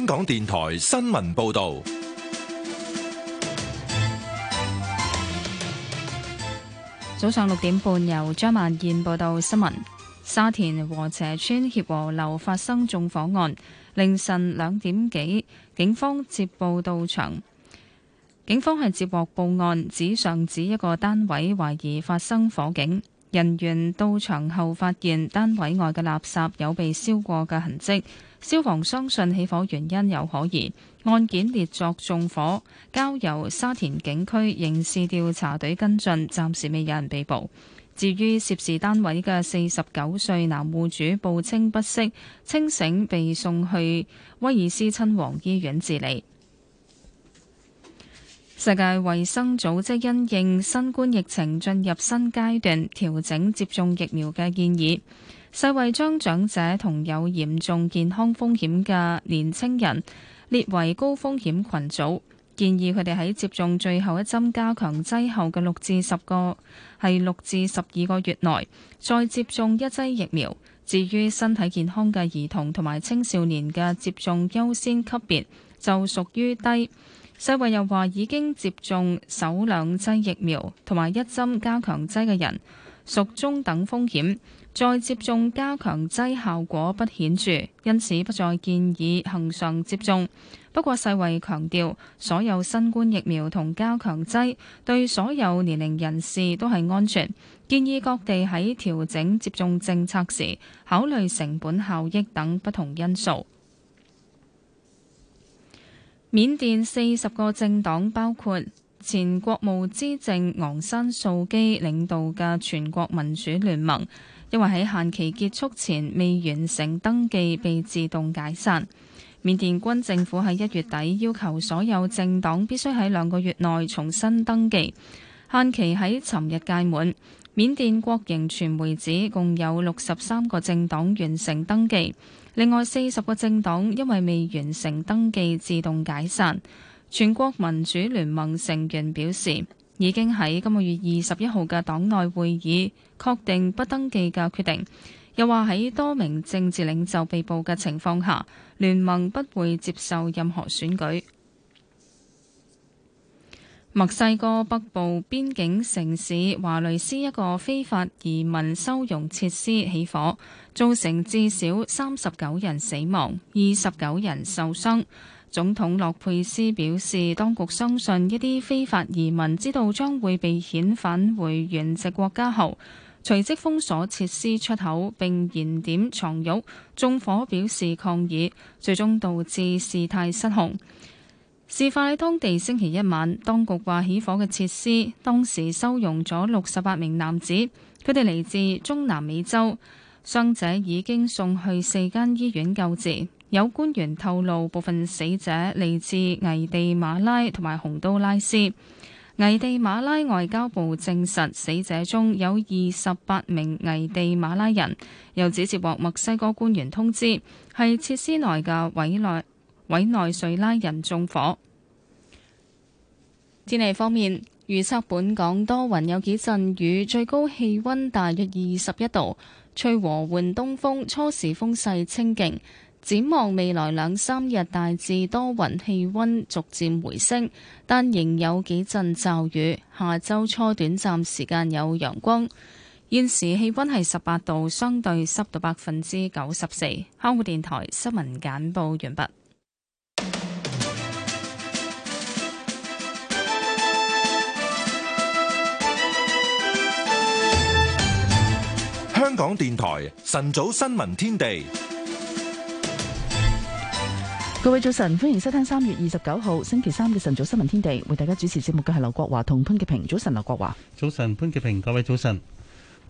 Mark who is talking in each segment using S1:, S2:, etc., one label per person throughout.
S1: 香港電台新聞報道，
S2: 早上六點半，由張萬燕報道新聞。沙田和斜村協和樓發生縱火案，凌晨兩點幾，警方接報到場。警方係接獲報案，指上址一個單位懷疑發生火警。人員到場後發現單位外嘅垃圾有被燒過嘅痕跡，消防相信起火原因有可疑，案件列作縱火，交由沙田警區刑事調查隊跟進，暫時未有人被捕。至於涉事單位嘅四十九歲男戶主，報稱不適，清醒被送去威爾斯親王醫院治理。世界衛生組織因應新冠疫情進入新階段，調整接種疫苗嘅建議，世衛將長者同有嚴重健康風險嘅年青人列為高風險群組，建議佢哋喺接種最後一針加強劑後嘅六至十個係六至十二個月內再接種一劑疫苗。至於身體健康嘅兒童同埋青少年嘅接種優先級別就屬於低。世衛又話，已經接種首兩劑疫苗同埋一針加強劑嘅人屬中等風險，再接種加強劑效果不顯著，因此不再建議恆常接種。不過世衛強調，所有新冠疫苗同加強劑對所有年齡人士都係安全，建議各地喺調整接種政策時考慮成本效益等不同因素。緬甸四十個政黨，包括前國務資政昂山素基領導嘅全國民主聯盟，因為喺限期結束前未完成登記，被自動解散。緬甸軍政府喺一月底要求所有政黨必須喺兩個月內重新登記，限期喺尋日屆滿。緬甸國營傳媒指共有六十三個政黨完成登記。另外四十個政黨因為未完成登記，自動解散。全國民主聯盟成員表示，已經喺今個月二十一號嘅黨內會議確定不登記嘅決定。又話喺多名政治領袖被捕嘅情況下，聯盟不會接受任何選舉。墨西哥北部邊境城市華雷斯一個非法移民收容設施起火，造成至少三十九人死亡、二十九人受傷。總統洛佩斯表示，當局相信一啲非法移民知道將會被遣返回原籍國家後，隨即封鎖設施出口，並燃點床褥縱火表示抗議，最終導致事態失控。事發喺當地星期一晚，當局話起火嘅設施當時收容咗六十八名男子，佢哋嚟自中南美洲。傷者已經送去四間醫院救治。有官員透露，部分死者嚟自危地馬拉同埋洪都拉斯。危地馬拉外交部證實，死者中有二十八名危地馬拉人。又指接獲墨西哥官員通知，係設施內嘅委內委內瑞拉人縱火。天氣方面，預測本港多雲，有幾陣雨，最高氣温大約二十一度。吹和緩東風，初時風勢清勁。展望未來兩三日，大致多雲，氣温逐漸回升，但仍有幾陣驟雨。下周初短暫時間有陽光。現時氣温係十八度，相對濕度百分之九十四。香港電台新聞簡報完畢。
S1: 香港電台晨早新聞天地，
S3: 各位早晨，歡迎收聽三月二十九號星期三嘅晨早新聞天地，為大家主持節目嘅係劉國華同潘潔平。早晨，劉國華。
S4: 早晨，潘潔平。各位早晨。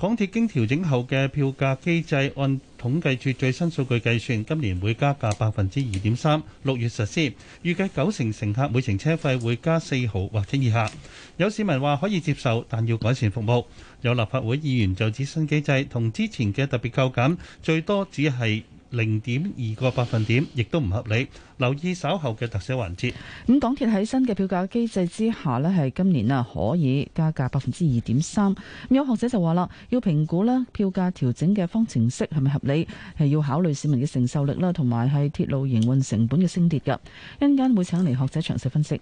S4: 港鐵經調整後嘅票價機制，按統計處最新數據計算，今年會加價百分之二點三，六月實施，預計九成乘客每程車費會加四毫或者以下。有市民話可以接受，但要改善服務。有立法會議員就指新機制同之前嘅特別扣減最多只係零點二個百分點，亦都唔合理。留意稍後嘅特寫環節。
S3: 咁港鐵喺新嘅票價機制之下咧，係今年啊可以加價百分之二點三。咁有學者就話啦，要評估咧票價調整嘅方程式係咪合理，係要考慮市民嘅承受力啦，同埋係鐵路營運成本嘅升跌㗎。一陣間會請嚟學者詳細分析。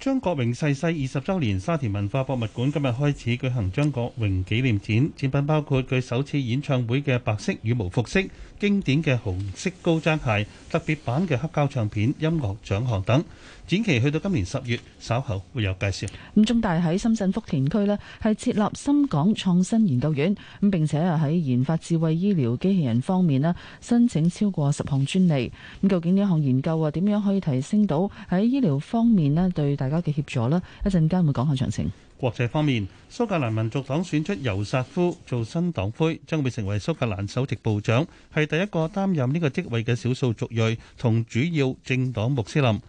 S4: 張國榮逝世二十周年，沙田文化博物館今日開始舉行張國榮紀念展，展品包括佢首次演唱會嘅白色羽毛服飾、經典嘅紅色高踭鞋、特別版嘅黑膠唱片、音樂獎項等。展期去到今年十月，稍後會有介紹。咁
S3: 中大喺深圳福田區咧，係設立深港創新研究院，咁並且啊喺研發智慧醫療機器人方面咧，申請超過十項專利。咁究竟呢一項研究啊，點樣可以提升到喺醫療方面咧對大家嘅協助咧？一陣間會講下詳情。
S4: 國際方面，蘇格蘭民族黨選出尤薩夫做新黨魁，將會成為蘇格蘭首席部長，係第一個擔任呢個職位嘅少數族裔同主要政黨穆斯林。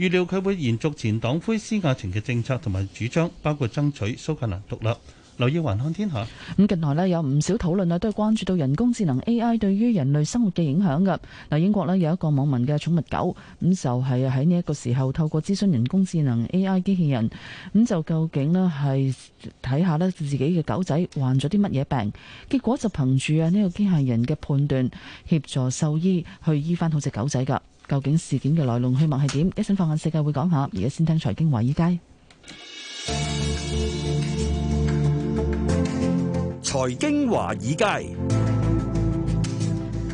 S4: 預料佢會延續前黨魁斯亞前嘅政策同埋主張，包括爭取蘇格蘭獨立，留意環看天下。咁
S3: 近來咧有唔少討論啊，都係關注到人工智能 AI 對於人類生活嘅影響㗎。嗱，英國咧有一個網民嘅寵物狗，咁就係喺呢一個時候透過諮詢人工智能 AI 機器人，咁就究竟咧係睇下咧自己嘅狗仔患咗啲乜嘢病，結果就憑住啊呢個機器人嘅判斷協助獸醫去醫翻好隻狗仔㗎。究竟事件嘅來龍去脈係點？一陣放眼世界會講下。而家先聽財經華爾街。
S5: 財經華爾街，
S6: 街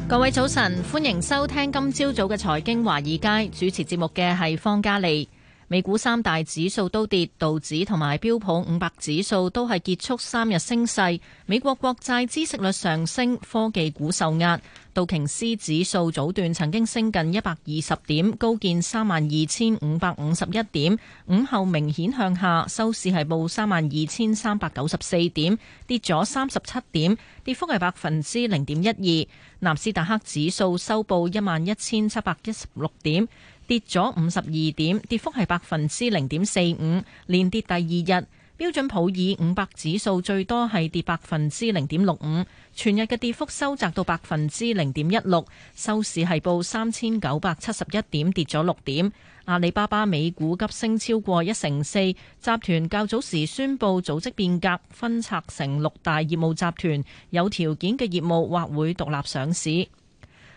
S6: 各位早晨，歡迎收聽今朝早嘅財經華爾街。主持節目嘅係方嘉利。美股三大指數都跌，道指同埋標普五百指數都係結束三日升勢。美國國債孳息率上升，科技股受壓。道瓊斯指數早段曾經升近一百二十點，高見三萬二千五百五十一點。午後明顯向下，收市係報三萬二千三百九十四點，跌咗三十七點，跌幅係百分之零點一二。納斯達克指數收報一萬一千七百一十六點，跌咗五十二點，跌幅係百分之零點四五，連跌第二日。標準普爾五百指數最多係跌百分之零點六五，全日嘅跌幅收窄到百分之零點一六，收市係報三千九百七十一點，跌咗六點。阿里巴巴美股急升超過一成四，集團較早時宣布組織變革，分拆成六大業務集團，有條件嘅業務或會獨立上市。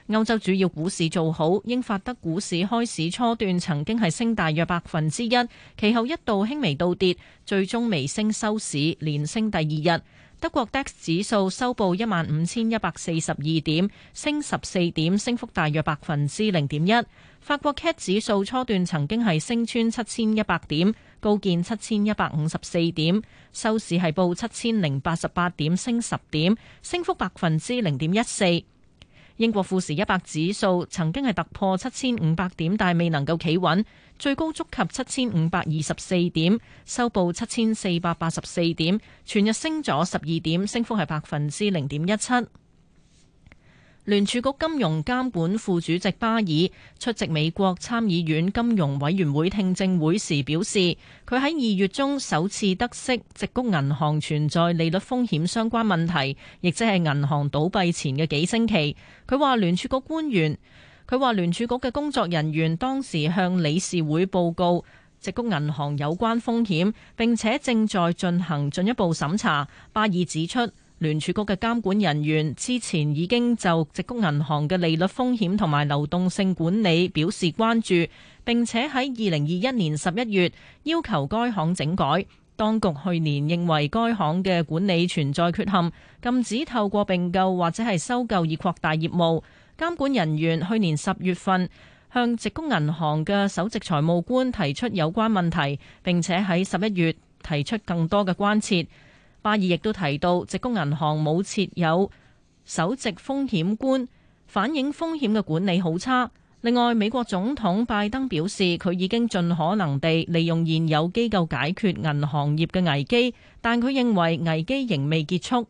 S6: 歐洲主要股市做好，英法德股市開市初段曾經係升大約百分之一，其後一度輕微倒跌，最終微升收市，連升第二日。德國 DAX 指數收報一萬五千一百四十二點，升十四點，升幅大約百分之零點一。法國 CAC 指數初段曾經係升穿七千一百點，高見七千一百五十四點，收市係報七千零八十八點，升十點，升幅百分之零點一四。英國富時一百指數曾經係突破七千五百點，但係未能夠企穩，最高觸及七千五百二十四點，收報七千四百八十四點，全日升咗十二點，升幅係百分之零點一七。聯儲局金融監管副主席巴爾出席美國參議院金融委員會聽證會時表示，佢喺二月中首次得悉矽谷銀行存在利率風險相關問題，亦即係銀行倒閉前嘅幾星期。佢話聯儲局官員，佢話聯儲局嘅工作人員當時向理事會報告矽谷銀行有關風險，並且正在進行進一步審查。巴爾指出。聯儲局嘅監管人員之前已經就矽谷銀行嘅利率風險同埋流動性管理表示關注，並且喺二零二一年十一月要求該行整改。當局去年認為該行嘅管理存在缺陷，禁止透過併購或者係收購以擴大業務。監管人員去年十月份向矽谷銀行嘅首席財務官提出有關問題，並且喺十一月提出更多嘅關切。巴爾亦都提到，矽谷銀行冇設有首席風險官，反映風險嘅管理好差。另外，美國總統拜登表示，佢已經盡可能地利用現有機構解決銀行業嘅危機，但佢認為危機仍未結束。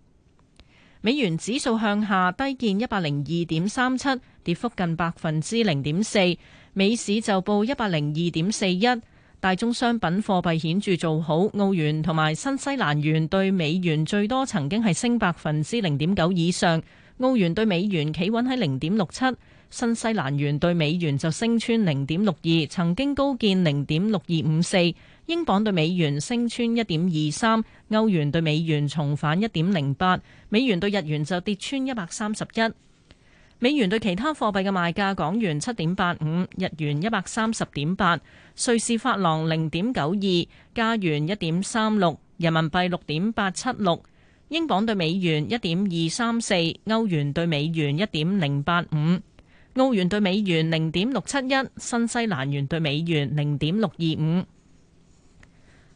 S6: 美元指數向下低見一百零二點三七，跌幅近百分之零點四。美市就報一百零二點四一。大宗商品貨幣顯著做好，澳元同埋新西蘭元對美元最多曾經係升百分之零點九以上。澳元對美元企穩喺零點六七，新西蘭元對美元就升穿零點六二，曾經高見零點六二五四。英鎊對美元升穿一點二三，歐元對美元重返一點零八，美元對日元就跌穿一百三十一。美元對其他貨幣嘅賣價：港元七點八五，日元一百三十點八，瑞士法郎零點九二，加元一點三六，人民幣六點八七六，英鎊對美元一點二三四，歐元對美元一點零八五，澳元對美元零點六七一，新西蘭元對美元零點六二五。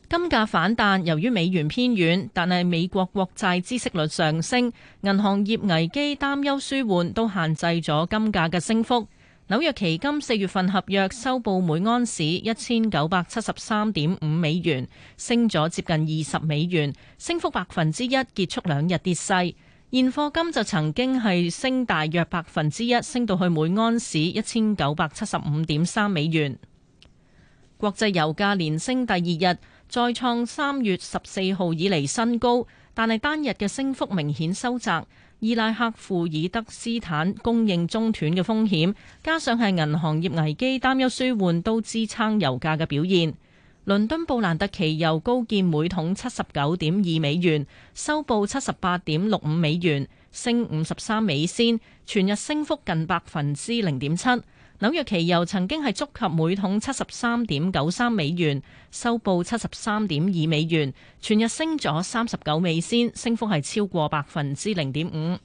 S6: 金價反彈，由於美元偏軟，但係美國國債孳息率上升、銀行業危機擔憂紓緩，都限制咗金價嘅升幅。紐約期金四月份合約收報每安士一千九百七十三點五美元，升咗接近二十美元，升幅百分之一，結束兩日跌勢。現貨金就曾經係升大約百分之一，升到去每安士一千九百七十五點三美元。國際油價連升第二日。再創三月十四號以嚟新高，但係單日嘅升幅明顯收窄。伊拉克庫爾德斯坦供應中斷嘅風險，加上係銀行業危機擔憂紓緩，都支撐油價嘅表現。倫敦布蘭特期油高見每桶七十九點二美元，收報七十八點六五美元，升五十三美仙，全日升幅近百分之零點七。紐約期油曾經係觸及每桶七十三點九三美元，收報七十三點二美元，全日升咗三十九美仙，升幅係超過百分之零點五。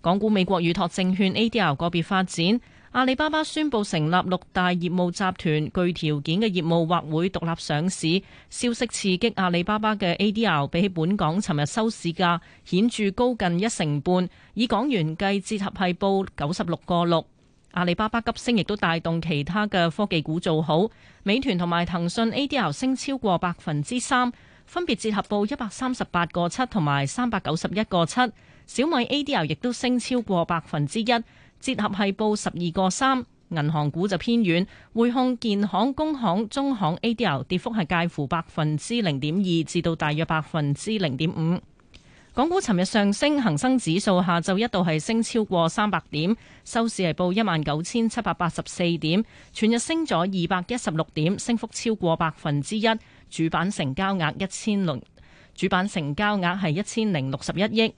S6: 港股美國預託證券 ADR 個別發展，阿里巴巴宣布成立六大業務集團，具條件嘅業務或會獨立上市，消息刺激阿里巴巴嘅 ADR 比起本港尋日收市價顯著高近一成半，以港元計，折合係報九十六個六。阿里巴巴急升，亦都帶動其他嘅科技股做好。美團同埋騰訊 A D L 升超過百分之三，分別折合報一百三十八個七同埋三百九十一個七。小米 A D L 亦都升超過百分之一，折合係報十二個三。銀行股就偏軟，匯控、建行、工行、中行 A D L 跌幅係介乎百分之零點二至到大約百分之零點五。港股尋日上升，恒生指數下晝一度係升超過三百點，收市係報一萬九千七百八十四點，全日升咗二百一十六點，升幅超過百分之一。主板成交額一千六，主板成交額係一千零六十一億。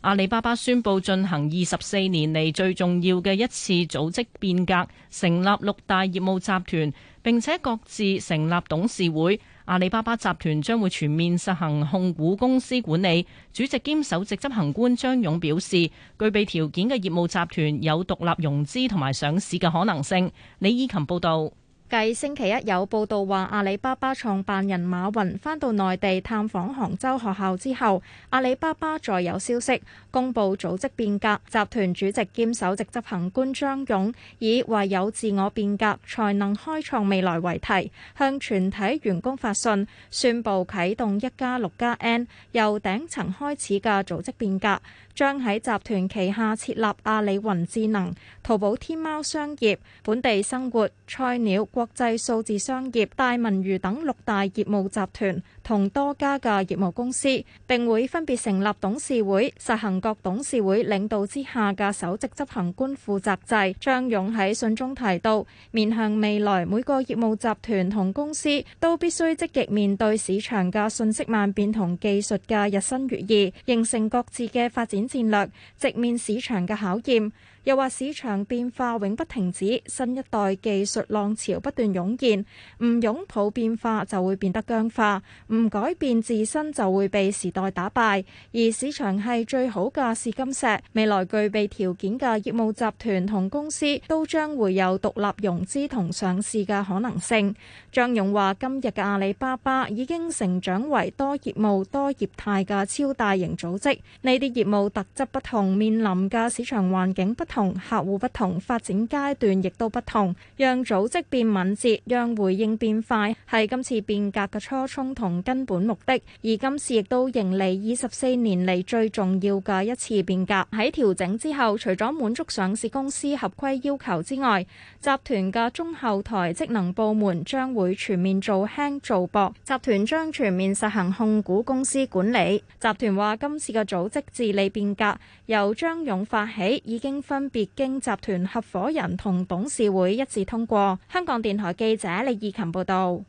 S6: 阿里巴巴宣布進行二十四年嚟，最重要嘅一次組織變革，成立六大業務集團，並且各自成立董事會。阿里巴巴集團將會全面實行控股公司管理。主席兼首席執行官張勇表示，具備條件嘅業務集團有獨立融資同埋上市嘅可能性。李依琴報道。
S7: 繼星期一有報道話，阿里巴巴創辦人馬雲返到內地探訪杭州學校之後，阿里巴巴再有消息公布組織變革，集團主席兼首席執行官張勇以“唯有自我變革才能開創未來”為題，向全體員工發信，宣布啟動一加六加 N 由頂層開始嘅組織變革。將喺集團旗下設立阿里雲智能、淘寶、天貓商業、本地生活、菜鳥、國際數字商業、大文娛等六大業務集團。同多家嘅業務公司，並會分別成立董事會，實行各董事會領導之下嘅首席執行官負責制。張勇喺信中提到，面向未來，每個業務集團同公司都必須積極面對市場嘅信息萬變同技術嘅日新月異，形成各自嘅發展戰略，直面市場嘅考驗。又話市場變化永不停止，新一代技術浪潮不斷湧現。唔擁抱變化，就會變得僵化，唔改變自身，就會被時代打敗。而市場係最好嘅試金石，未來具備條件嘅業務集團同公司都將會有獨立融資同上市嘅可能性。張勇話：今日嘅阿里巴巴已經成長為多業務、多業態嘅超大型組織，呢啲業務特質不同，面臨嘅市場環境不同。同客戶不同，發展階段亦都不同，讓組織變敏捷，讓回應變快，係今次變革嘅初衷同根本目的。而今次亦都迎嚟二十四年嚟最重要嘅一次變革。喺調整之後，除咗滿足上市公司合規要求之外，集團嘅中後台職能部門將會全面做輕做薄，集團將全面實行控股公司管理。集團話今次嘅組織治理變革由張勇發起，已經分。分別經集團合伙人同董事會一致通過。香港電台記者李義琴報道。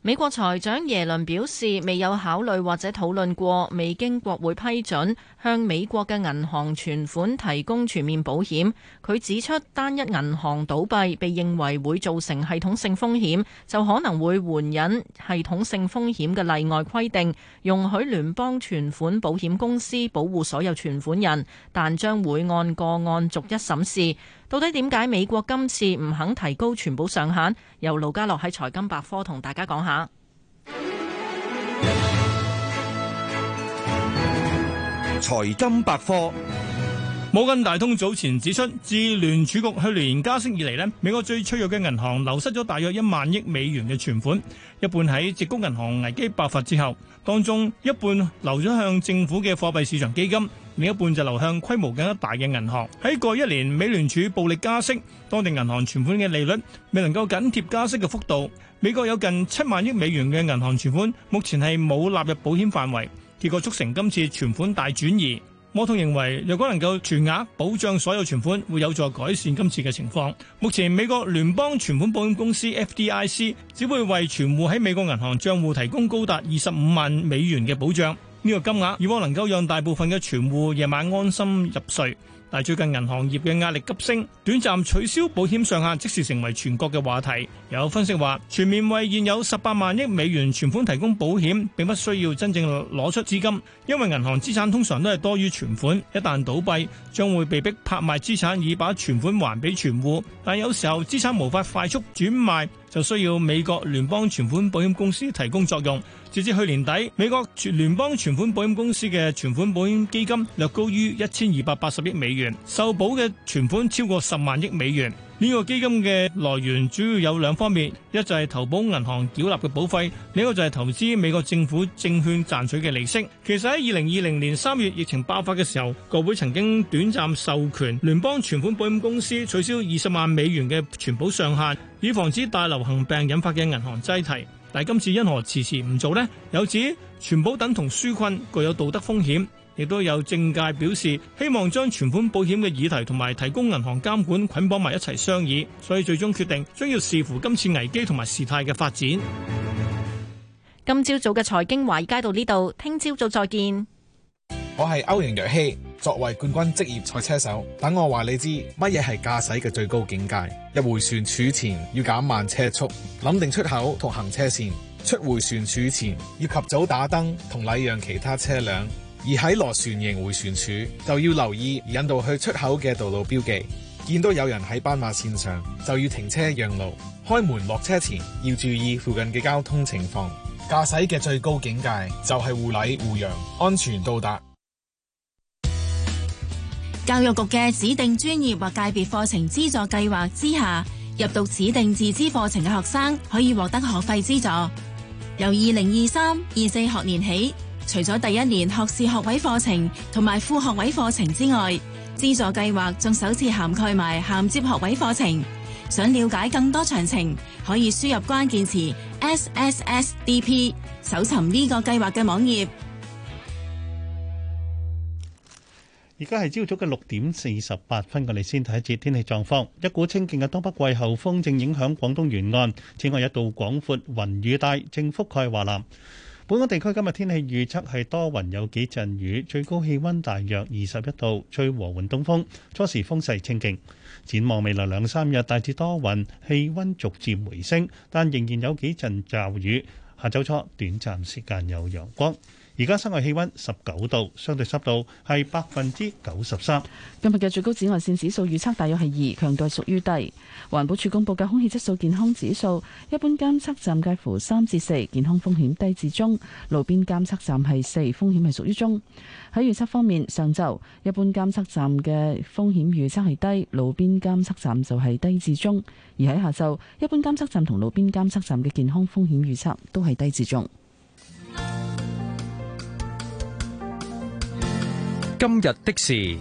S7: 美國財長耶倫表示，未有考慮或
S6: 者討論過未經國會批准向美國嘅銀行存款提供全面保險。佢指出，單一銀行倒閉被認為會造成系統性風險，就可能會援引系統性風險嘅例外規定，容許聯邦存款保險公司保護所有存款人，但將會按個案逐一審視。到底點解美國今次唔肯提高存款上限？由盧家樂喺財金百科同大家講下。
S5: 財金百科，摩根大通早前指出，自聯儲局去年加息以嚟咧，美國最脆弱嘅銀行流失咗大約一萬億美元嘅存款，一半喺直沽銀行危機爆發之後，當中一半流咗向政府嘅貨幣市場基金。另一半就流向規模更加大嘅銀行。喺過一年，美聯儲暴力加息，當地銀行存款嘅利率未能夠緊貼加息嘅幅度。美國有近七萬億美元嘅銀行存款，目前係冇納入保險範圍，結果促成今次存款大轉移。摩通認為，若果能夠全額保障所有存款，會有助改善今次嘅情況。目前美國聯邦存款保險公司 FDIC 只會為存戶喺美國銀行帳戶提供高達二十五萬美元嘅保障。呢個金額以往能夠讓大部分嘅存戶夜晚安心入睡，但最近銀行業嘅壓力急升，短暫取消保險上限，即時成為全國嘅話題。有分析話，全面為現有十八萬億美元存款提供保險並不需要真正攞出資金，因為銀行資產通常都係多於存款，一旦倒閉將會被逼拍賣資產以把存款還俾存戶。但有時候資產無法快速轉賣，就需要美國聯邦存款保險公司提供作用。截至去年底，美國聯邦存款保險公司嘅存款保險基金略高於一千二百八十億美元，受保嘅存款超過十萬億美元。呢個基金嘅來源主要有兩方面，一就係投保銀行繳納嘅保費，另一個就係投資美國政府證券賺取嘅利息。其實喺二零二零年三月疫情爆發嘅時候，國會曾經短暫授權聯邦存款保險公司取消二十萬美元嘅存保上限，以防止大流行病引發嘅銀行擠提。但今次因何遲遲唔做呢？有指全保等同紓困，具有道德風險，亦都有政界表示希望將存款保險嘅議題同埋提供銀行監管捆綁埋一齊商議，所以最終決定將要視乎今次危機同埋事態嘅發展。
S6: 今朝早嘅財經華爾街到呢度，聽朝早，早再見。
S5: 我係歐陽若希。作為冠軍職業賽車手，等我話你知乜嘢係駕駛嘅最高境界。入回旋處前要減慢車速，諗定出口同行車線；出回旋處前要及早打燈同禮讓其他車輛。而喺螺旋形回旋處就要留意引導去出口嘅道路標記，見到有人喺斑馬線上就要停車讓路。開門落車前要注意附近嘅交通情況。駕駛嘅最高境界就係互禮互讓，安全到達。
S6: 教育局嘅指定專業或界別課程資助計劃之下，入讀指定自資課程嘅學生可以獲得學費資助。由二零二三二四學年起，除咗第一年學士學位課程同埋副學位課程之外，資助計劃仲首次涵蓋埋銜接學位課程。想了解更多詳情，可以輸入關鍵詞 SSSDP，搜尋呢個計劃嘅網頁。
S4: 而家係朝早嘅六點四十八分，我哋先睇一節天氣狀況。一股清勁嘅東北季候風正影響廣東沿岸，此外一道廣闊雲雨帶正覆蓋華南。本港地區今日天氣預測係多雲有幾陣雨，最高氣溫大約二十一度，吹和緩東風，初時風勢清勁。展望未來兩三日，大致多雲，氣溫逐漸回升，但仍然有幾陣驟雨。下周初短暫時間有陽光。而家室外氣溫十九度，相對濕度係百分之九十三。今日嘅最高紫外線指數預測大約係二，強度
S3: 屬於低。
S4: 環保署公布嘅空氣質素健康指數，
S3: 一般監測站介乎三至四，健康風險低至中；路邊監測站係四，風險係屬於中。喺預測方面，上晝一般監測站嘅風險預測係低，路邊監測站就係低至中。而喺下晝，一般監測站同路邊監測站嘅健康風險預測都係低至中。
S8: 今日的事，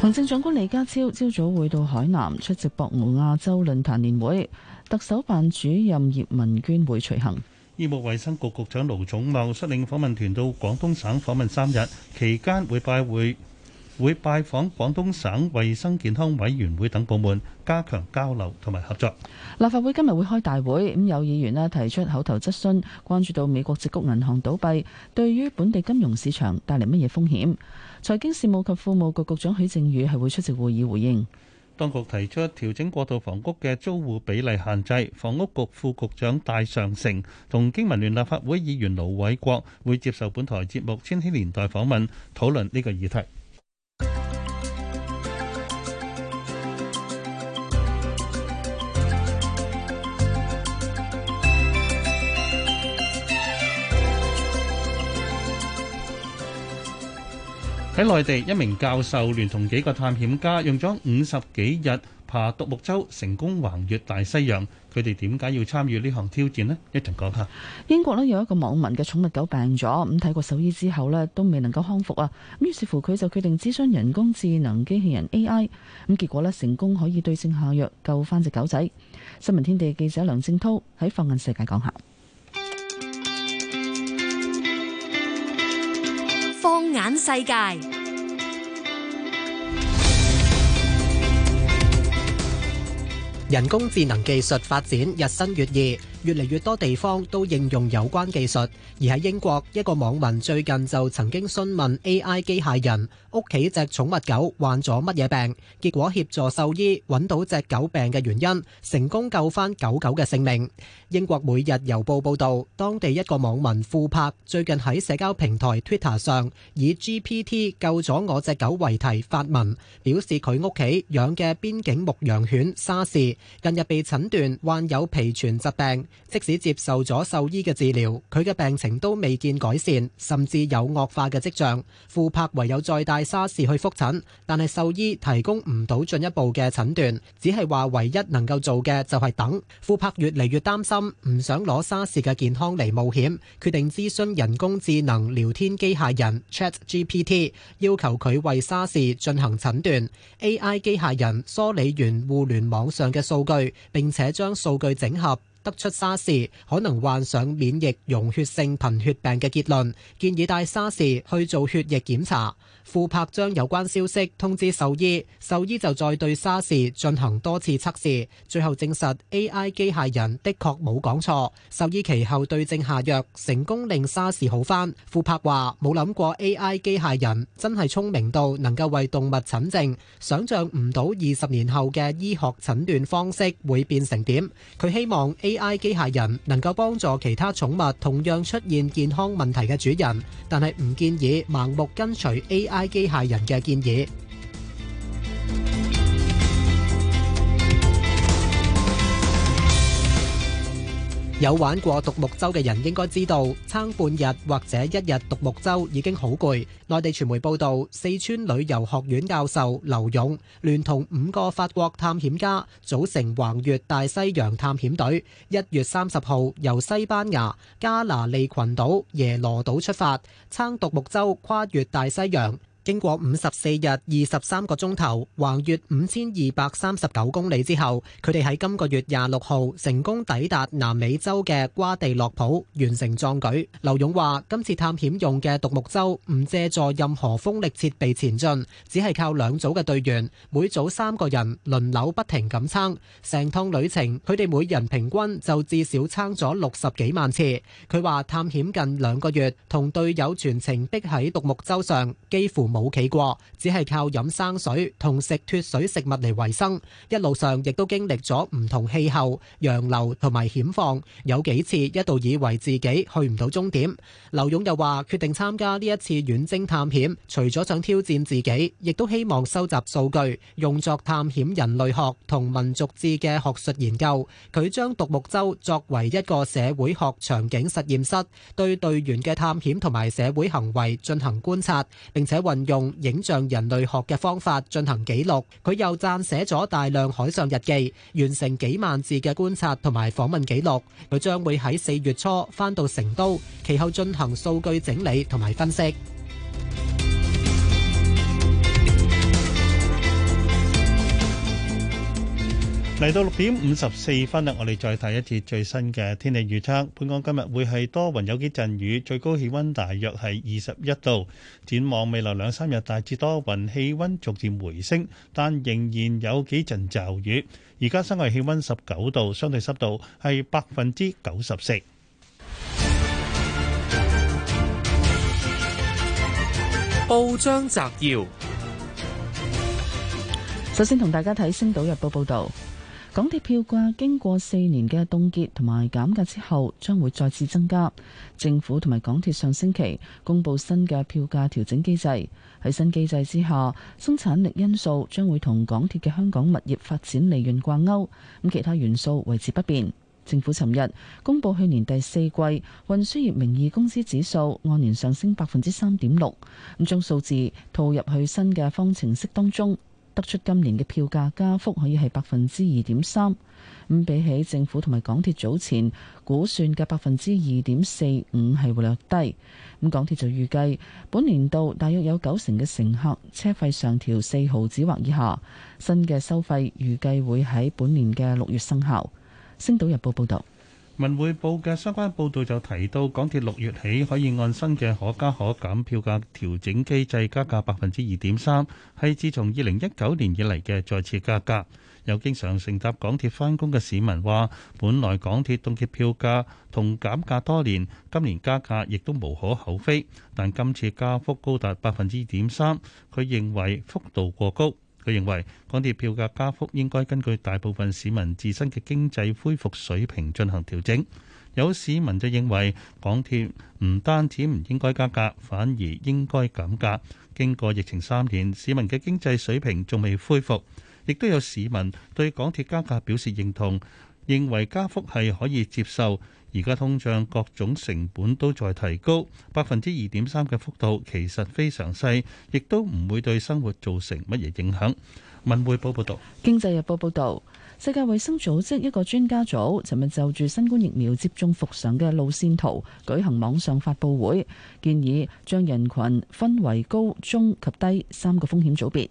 S3: 行政長官李家超朝早會到海南出席博鰲亞洲論壇年會，特首辦主任葉文娟會隨行。
S4: 醫務衛生局局長盧寵茂率領訪問團到廣東省訪問三日，期間會拜會。會拜訪廣東省衛生健康委員會等部門，加強交流同埋合作。立
S3: 法會今日會開大會，咁有議員呢提出口頭質詢，關注到美國矽谷銀行倒閉對於本地金融市場帶嚟乜嘢風險。財經事務及庫務局局長許正宇係會出席會議回應。
S4: 當局提出調整過渡房屋嘅租戶比例限制，房屋局副局長戴尚成同經民聯立法會議員盧偉國會接受本台節目《千禧年代》訪問，討論呢個議題。喺內地，一名教授聯同幾個探險家用咗五十幾日爬獨木舟，成功橫越大西洋。佢哋點解要參與呢項挑戰呢？一陣講下。
S3: 英國呢有一個網民嘅寵物狗病咗，咁睇過獸醫之後呢都未能夠康復啊。咁於是乎佢就決定諮詢人工智能機器人 AI，咁結果呢成功可以對症下藥救返隻狗仔。新聞天地記者梁正滔喺放眼世界講下。
S9: 放眼世界，
S10: 人工智能技術發展日新月異。越嚟越多地方都應用有關技術，而喺英國，一個網民最近就曾經詢問 AI 機械人屋企隻寵物狗患咗乜嘢病，結果協助獸醫揾到隻狗病嘅原因，成功救翻狗狗嘅性命。英國每日郵報報道，當地一個網民庫珀最近喺社交平台 Twitter 上以 GPT 救咗我隻狗為題發文，表示佢屋企養嘅邊境牧羊犬沙士近日被診斷患有蜱傳疾病。即使接受咗獸醫嘅治療，佢嘅病情都未見改善，甚至有惡化嘅跡象。富柏唯有再帶沙士去覆診，但係獸醫提供唔到進一步嘅診斷，只係話唯一能夠做嘅就係等。富柏越嚟越擔心，唔想攞沙士嘅健康嚟冒險，決定諮詢人工智能聊天機械人 Chat GPT，要求佢為沙士進行診斷。AI 機械人梳理完互聯網上嘅數據，並且將數據整合。得出沙士可能患上免疫溶血性貧血病嘅結論，建議帶沙士去做血液檢查。富柏將有關消息通知獸醫，獸醫就再對沙士進行多次測試，最後證實 AI 機械人的確冇講錯。獸醫其後對症下藥，成功令沙士好返。富柏話：冇諗過 AI 機械人真係聰明到能夠為動物診症，想像唔到二十年後嘅醫學診斷方式會變成點。佢希望 AI 機械人能夠幫助其他寵物同樣出現健康問題嘅主人，但係唔建議盲目跟隨 AI。i 機械人嘅建議。 有玩過獨木舟嘅人應該知道，撐半日或者一日獨木舟已經好攰。內地傳媒報道，四川旅遊學院教授劉勇聯同五個法國探險家組成橫越大西洋探險隊，一月三十號由西班牙加拿利群島耶羅島出發，撐獨木舟跨越大西洋。經過五十四日二十三個鐘頭，橫越五千二百三十九公里之後，佢哋喺今個月廿六號成功抵達南美洲嘅瓜地洛普，完成壯舉。劉勇話：今次探險用嘅獨木舟唔借助任何風力設備前進，只係靠兩組嘅隊員，每組三個人輪流不停咁撐。成趟旅程，佢哋每人平均就至少撐咗六十幾萬次。佢話探險近兩個月，同隊友全程逼喺獨木舟上，幾乎。冇企過，只係靠飲生水同食脫水食物嚟維生。一路上亦都經歷咗唔同氣候、洋流同埋險況，有幾次一度以為自己去唔到終點。劉勇又話：決定參加呢一次遠征探險，除咗想挑戰自己，亦都希望收集數據，用作探險人類學同民族志嘅學術研究。佢將獨木舟作為一個社會學場景實驗室，對隊員嘅探險同埋社會行為進行觀察，並且運用影像人類學嘅方法進行記錄，佢又撰寫咗大量海上日記，完成幾萬字嘅觀察同埋訪問記錄。佢將會喺四月初返到成都，其後進行數據整理同埋分析。
S4: 嚟到六點五十四分啦，我哋再睇一次最新嘅天氣預測。本港今日會係多雲有幾陣雨，最高氣溫大約係二十一度。展望未來兩三日，大致多雲，氣溫逐漸回升，但仍然有幾陣驟雨。而家室外氣溫十九度，相對濕度係百分之九十四。
S8: 報章摘要，
S3: 首先同大家睇《星島日報》報道。港鐵票價經過四年嘅凍結同埋減價之後，將會再次增加。政府同埋港鐵上星期公布新嘅票價調整機制。喺新機制之下，生產力因素將會同港鐵嘅香港物業發展利潤掛鈎，咁其他元素維持不變。政府尋日公布去年第四季運輸業名義工資指數按年上升百分之三點六，咁將數字套入去新嘅方程式當中。得出今年嘅票價加幅可以係百分之二點三，咁比起政府同埋港鐵早前估算嘅百分之二點四五係會略低。咁港鐵就預計本年度大約有九成嘅乘客車費上調四毫子或以下，新嘅收費預計會喺本年嘅六月生效。星島日報報道。
S4: 文匯報嘅相關報道就提到，港鐵六月起可以按新嘅可加可減票價調整機制加價百分之二點三，係自從二零一九年以嚟嘅再次加價。有經常乘搭港鐵翻工嘅市民話，本來港鐵凍結票價同減價多年，今年加價亦都無可厚非，但今次加幅高達百分之二點三，佢認為幅度過高。佢認為港鐵票價加幅應該根據大部分市民自身嘅經濟恢復水平進行調整。有市民就認為港鐵唔單止唔應該加價，反而應該減價。經過疫情三年，市民嘅經濟水平仲未恢復，亦都有市民對港鐵加價表示認同，認為加幅係可以接受。而家通脹，各種成本都在提高，百分之二點三嘅幅度其實非常細，亦都唔會對生活造成乜嘢影響。文匯報報道：
S3: 「經濟日報報道，世界衛生組織一個專家組尋日就住新冠疫苗接種服上嘅路線圖舉行網上發佈會，建議將人群分為高、中及低三個風險組別。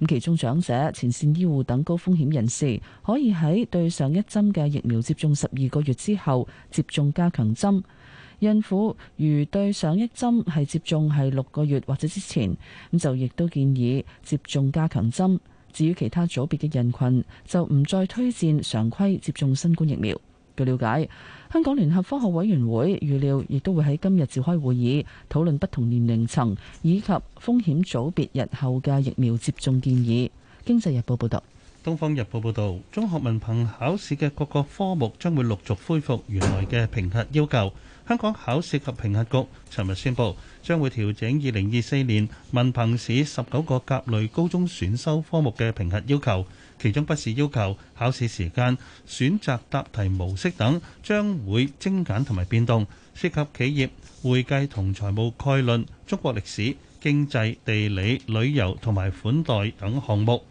S3: 咁其中長者、前線醫護等高風險人士，可以喺對上一針嘅疫苗接種十二個月之後接種加強針。孕婦如對上一針係接種係六個月或者之前，咁就亦都建議接種加強針。至於其他組別嘅人群，就唔再推薦常規接種新冠疫苗。據了解。香港聯合科學委員會預料，亦都會喺今日召開會議討論不同年齡層以及風險組別日後嘅疫苗接種建議，經濟日報報道。
S4: 東方日報報道，中學文憑考試嘅各個科目將會陸續恢復原來嘅評核要求。香港考試及評核局尋日宣布，將會調整二零二四年文憑試十九個甲類高中選修科目嘅評核要求。其中筆試要求考試時間、選擇答題模式等將會精簡同埋變動，涉及企業會計同財務概論、中國歷史、經濟地理、旅遊同埋款待等項目。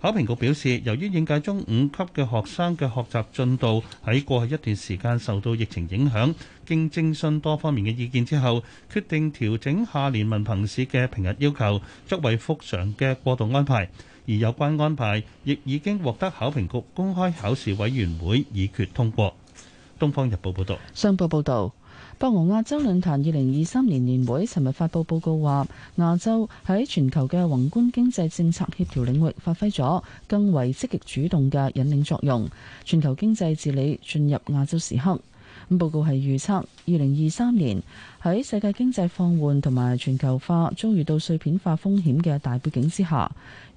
S4: 考評局表示，由於應屆中五級嘅學生嘅學習進度喺過去一段時間受到疫情影響，經徵詢多方面嘅意見之後，決定調整下年文憑試嘅平日要求，作為復常嘅過渡安排。而有關安排亦已經獲得考評局公開考試委員會議決通過。《東方日報》報道。《商
S3: 報》報道，博鰲亞洲論壇二零二三年年會尋日發布報告話，亞洲喺全球嘅宏觀經濟政策協調領域發揮咗更為積極主動嘅引領作用，全球經濟治理進入亞洲時刻。咁報告係預測，二零二三年喺世界經濟放緩同埋全球化遭遇到碎片化風險嘅大背景之下，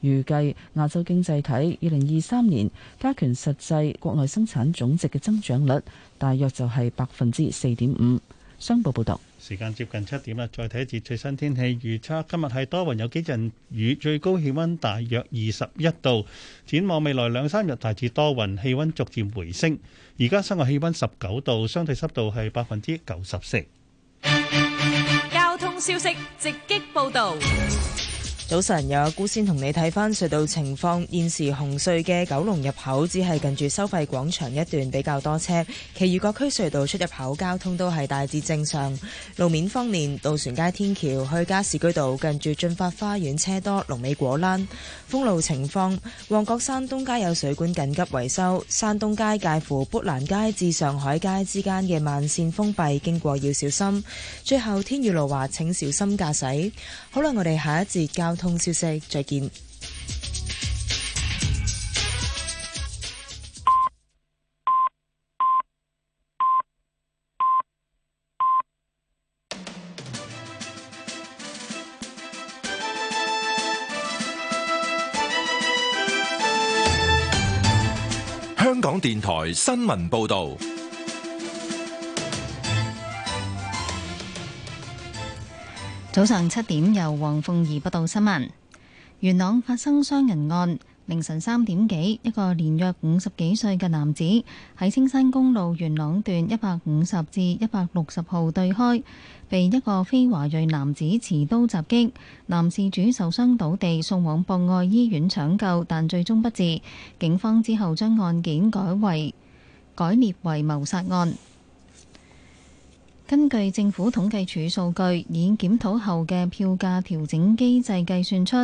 S3: 預計亞洲經濟體二零二三年加權實際國內生產總值嘅增長率大約就係百分之四點五。商報報道。
S4: 時間接近七點啦，再睇一節最新天氣預測。今日係多雲有幾陣雨，最高氣温大約二十一度。展望未來兩三日大致多雲，氣温逐漸回升。而家室外氣温十九度，相對濕度係百分之九十四。
S6: 交通消息直擊報導。
S4: 早晨，有阿姑先同你睇翻
S11: 隧道情況。現時紅隧嘅九龍入口只係近住收費廣場一段比較多車，其餘各區隧道出入口交通都係大致正常。路面方面，渡船街天橋去加士居道近住駿發花園車多，龍尾果欄封路情況，旺角山東街有水管緊急維修，山東街介乎砵蘭街至上海街之間嘅慢線封閉，經過要小心。最後天雨路滑，請小心駕駛。好啦，我哋下一節交通消息，再見。
S1: 香港電台新聞報道。
S9: 早上七點，由黃鳳儀報道新聞。元朗發生傷人案，凌晨三點幾，一個年約五十幾歲嘅男子喺青山公路元朗段一百五十至一百六十號對開，被一個非華裔男子持刀襲擊，男事主受傷倒地，送往博愛醫院搶救，但最終不治。警方之後將案件改為，改列為謀殺案。根據政府統計處數據，以檢討後嘅票價調整機制計算出，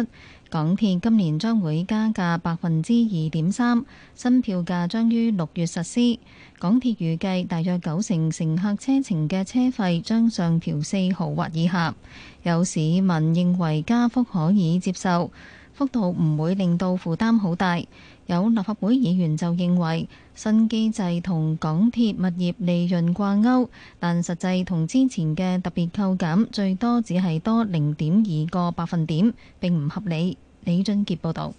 S9: 港鐵今年將會加價百分之二點三，新票價將於六月實施。港鐵預計大約九成乘客車程嘅車費將上調四毫或以下。有市民認為加幅可以接受，幅度唔會令到負擔好大。有立法會議員就認為新機制同港鐵物業利潤掛鈎，但實際同之前嘅特別扣減最多只係多零點二個百分點，並唔合理。李俊傑報導，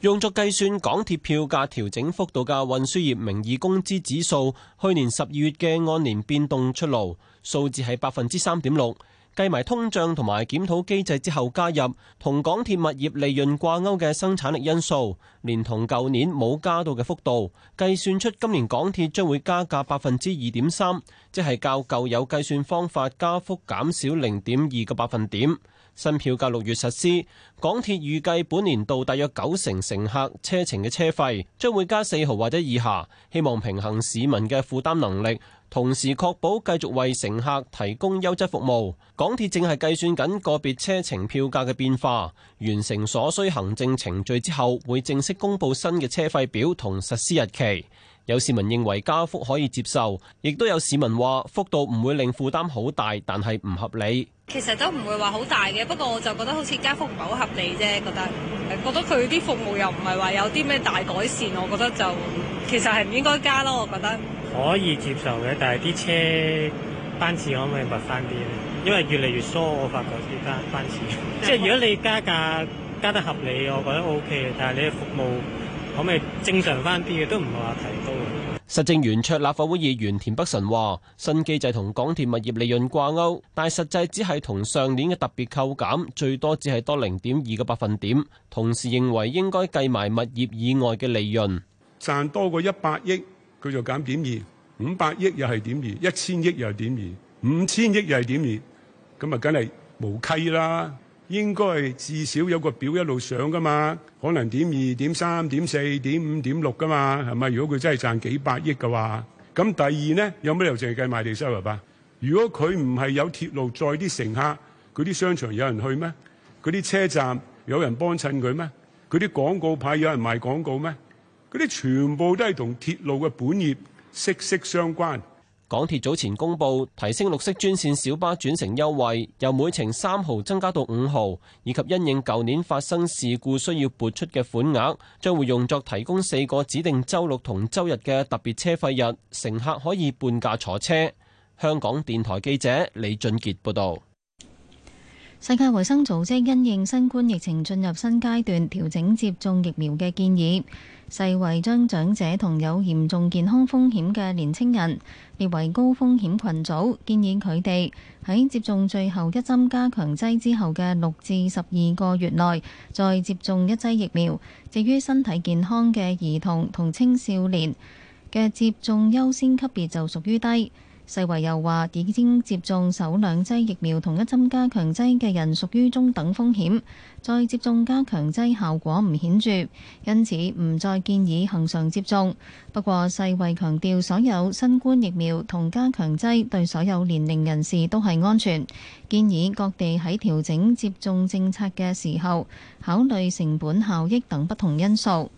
S12: 用作計算港鐵票價調整幅度嘅運輸業名義工資指數，去年十二月嘅按年變動出爐，數字係百分之三點六。計埋通脹同埋檢討機制之後加入同港鐵物業利潤掛鉤嘅生產力因素，連同舊年冇加到嘅幅度，計算出今年港鐵將會加價百分之二點三，即係較舊有計算方法加幅減少零點二個百分點。新票價六月實施，港鐵預計本年度大約九成乘客車程嘅車費將會加四毫或者以下，希望平衡市民嘅負擔能力。同時確保繼續為乘客提供優質服務，港鐵正係計算緊個別車程票價嘅變化，完成所需行政程序之後，會正式公布新嘅車費表同實施日期。有市民認為加幅可以接受，亦都有市民話幅度唔會令負擔好大，但係唔合理。
S2: 其實都唔會話好大嘅，不過我就覺得好似加幅唔係好合理啫，覺得覺得佢啲服務又唔係話有啲咩大改善，我覺得就其實係唔應該加咯，我覺得。
S8: 可以接受嘅，但係啲車班次可唔可以密翻啲咧？因為越嚟越疏，我發覺啲班班次。即係如果你加價加得合理，我覺得 OK 嘅。但係你嘅服務可唔可以正常翻啲嘅？都唔係話提高。
S12: 實政圓桌立法會議員田北辰話：新機制同港鐵物業利潤掛鈎，但係實際只係同上年嘅特別扣減最多只係多零點二個百分點。同時認為應
S13: 該計埋物業以外嘅利潤，賺多過一百億。佢就減點二五百億又係點二一千億又係點二五千億又係點二咁啊，梗係無稽啦！應該至少有個表一路上噶嘛，可能點二點三點四點五點六噶嘛，係咪？如果佢真係賺幾百億嘅話，咁第二咧，有咩理由淨係計賣地收入啊？如果佢唔係有鐵路載啲乘客，嗰啲商場有人去咩？嗰啲車站有人幫襯佢咩？嗰啲廣告牌有人賣廣告咩？嗰啲全部都係同鐵路嘅本業息息相關。港鐵早前公布提升綠色專線小巴轉乘優惠，
S12: 由每程三毫增加到五毫，以及因應舊年發生事故需要撥出嘅款額，將會用作提供四個指定週六同週日嘅特別車費日，乘客可以半價坐車。香港電台記者李俊傑報道。
S9: 世界衛生組織因應新冠疫情進入新階段，調整接種疫苗嘅建議。世衛將長者同有嚴重健康風險嘅年青人列為高風險群組，建議佢哋喺接種最後一針加強劑之後嘅六至十二個月內再接種一劑疫苗。至於身體健康嘅兒童同青少年嘅接種優先級別就屬於低。世衛又話，已經接種首兩劑疫苗同一針加強劑嘅人屬於中等風險，再接種加強劑效果唔顯著，因此唔再建議恒常接種。不過，世衛強調所有新冠疫苗同加強劑對所有年齡人士都係安全，建議各地喺調整接種政策嘅時候考慮成本效益等不同因素。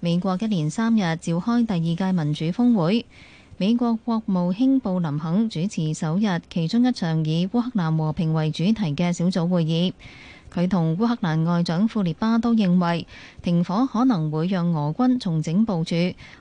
S9: 美國一連三日召開第二屆民主峰會。美國國務卿布林肯主持首日其中一場以烏克蘭和平為主題嘅小組會議，佢同烏克蘭外長庫列巴都認為停火可能會讓俄軍重整部署，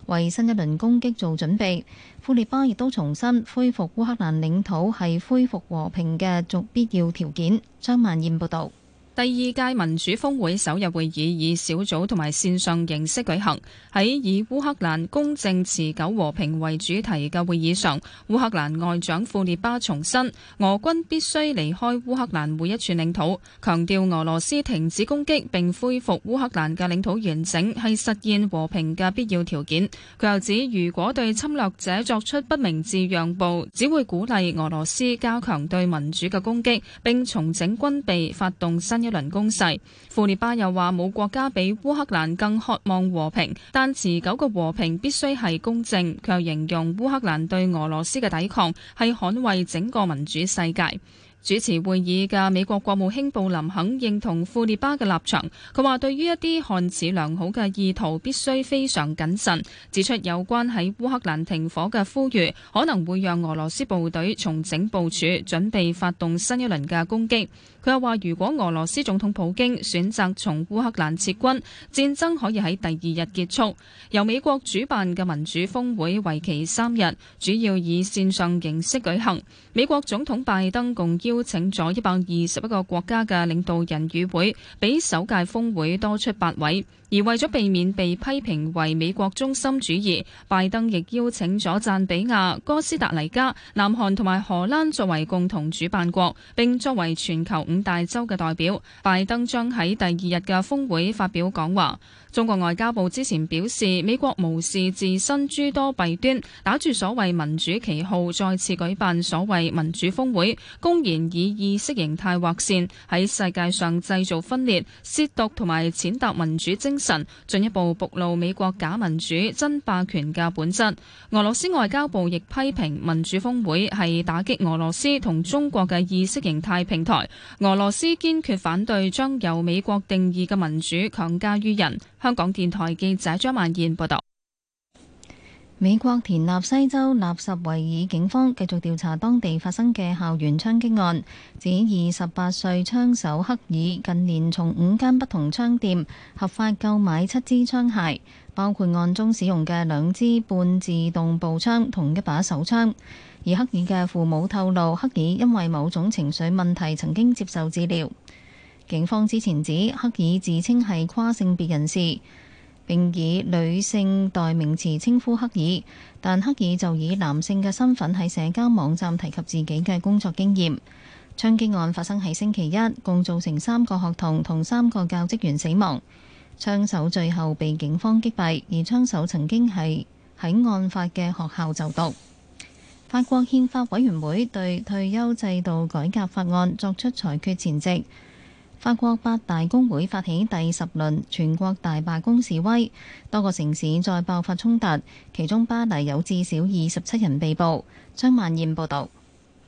S9: 為新一輪攻擊做準備。庫列巴亦都重申恢復烏克蘭領土係恢復和平嘅足必要條件。張曼燕報導。
S2: 第二屆民主峰會首日會議以小組同埋線上形式舉行。喺以烏克蘭公正持久和平為主題嘅會議上，烏克蘭外長庫列巴重申俄軍必須離開烏克蘭每一寸領土，強調俄羅斯停止攻擊並恢復烏克蘭嘅領土完整係實現和平嘅必要條件。佢又指，如果對侵略者作出不明智讓步，只會鼓勵俄羅斯加強對民主嘅攻擊，並重整軍備發動新一輪攻勢，庫列巴又話冇國家比烏克蘭更渴望和平，但持久嘅和平必須係公正。佢又形容烏克蘭對俄羅斯嘅抵抗係捍衛整個民主世界。主持會議嘅美國國務卿布林肯認同庫列巴嘅立場，佢話對於一啲看似良好嘅意圖，必須非常謹慎。指出有關喺烏克蘭停火嘅呼籲，可能會讓俄羅斯部隊重整部署，準備發動新一輪嘅攻擊。佢又話，如果俄羅斯總統普京選擇從烏克蘭撤軍，戰爭可以喺第二日結束。由美國主辦嘅民主峰會，為期三日，主要以線上形式舉行。美國總統拜登共邀請咗一百二十一個國家嘅領導人與會，比首屆峰會多出八位。而為咗避免被批評為美國中心主義，拜登亦邀請咗贊比亞、哥斯達黎加、南韓同埋荷蘭作為共同主辦國，並作為全球五大洲嘅代表。拜登將喺第二日嘅峰會發表講話。中國外交部之前表示，美國無視自身諸多弊端，打住所謂民主旗號，再次舉辦所謂民主峰會，公然以意識形態劃線，喺世界上製造分裂、褻瀆同埋踐踏民主精神。進一步暴露美國假民主爭霸權嘅本質。俄羅斯外交部亦批評民主峰會係打擊俄羅斯同中國嘅意識形態平台。俄羅斯堅決反對將由美國定義嘅民主強加於人。香港電台記者張曼燕報道。
S9: 美國田納西州納什維爾警方繼續調查當地發生嘅校園槍擊案。指二十八歲槍手克爾近年從五間不同槍店合法購買七支槍械，包括案中使用嘅兩支半自動步槍同一把手槍。而克爾嘅父母透露，克爾因為某種情緒問題曾經接受治療。警方之前指，克爾自稱係跨性別人士。並以女性代名詞稱呼克爾，但克爾就以男性嘅身份喺社交網站提及自己嘅工作經驗。槍擊案發生喺星期一，共造成三個學童同三個教職員死亡。槍手最後被警方擊斃，而槍手曾經係喺案發嘅學校就讀。法國憲法委員會對退休制度改革法案作出裁決前夕。法國八大工會發起第十輪全國大罷工示威，多個城市再爆發衝突，其中巴黎有至少二十
S2: 七人被捕。張萬燕報導。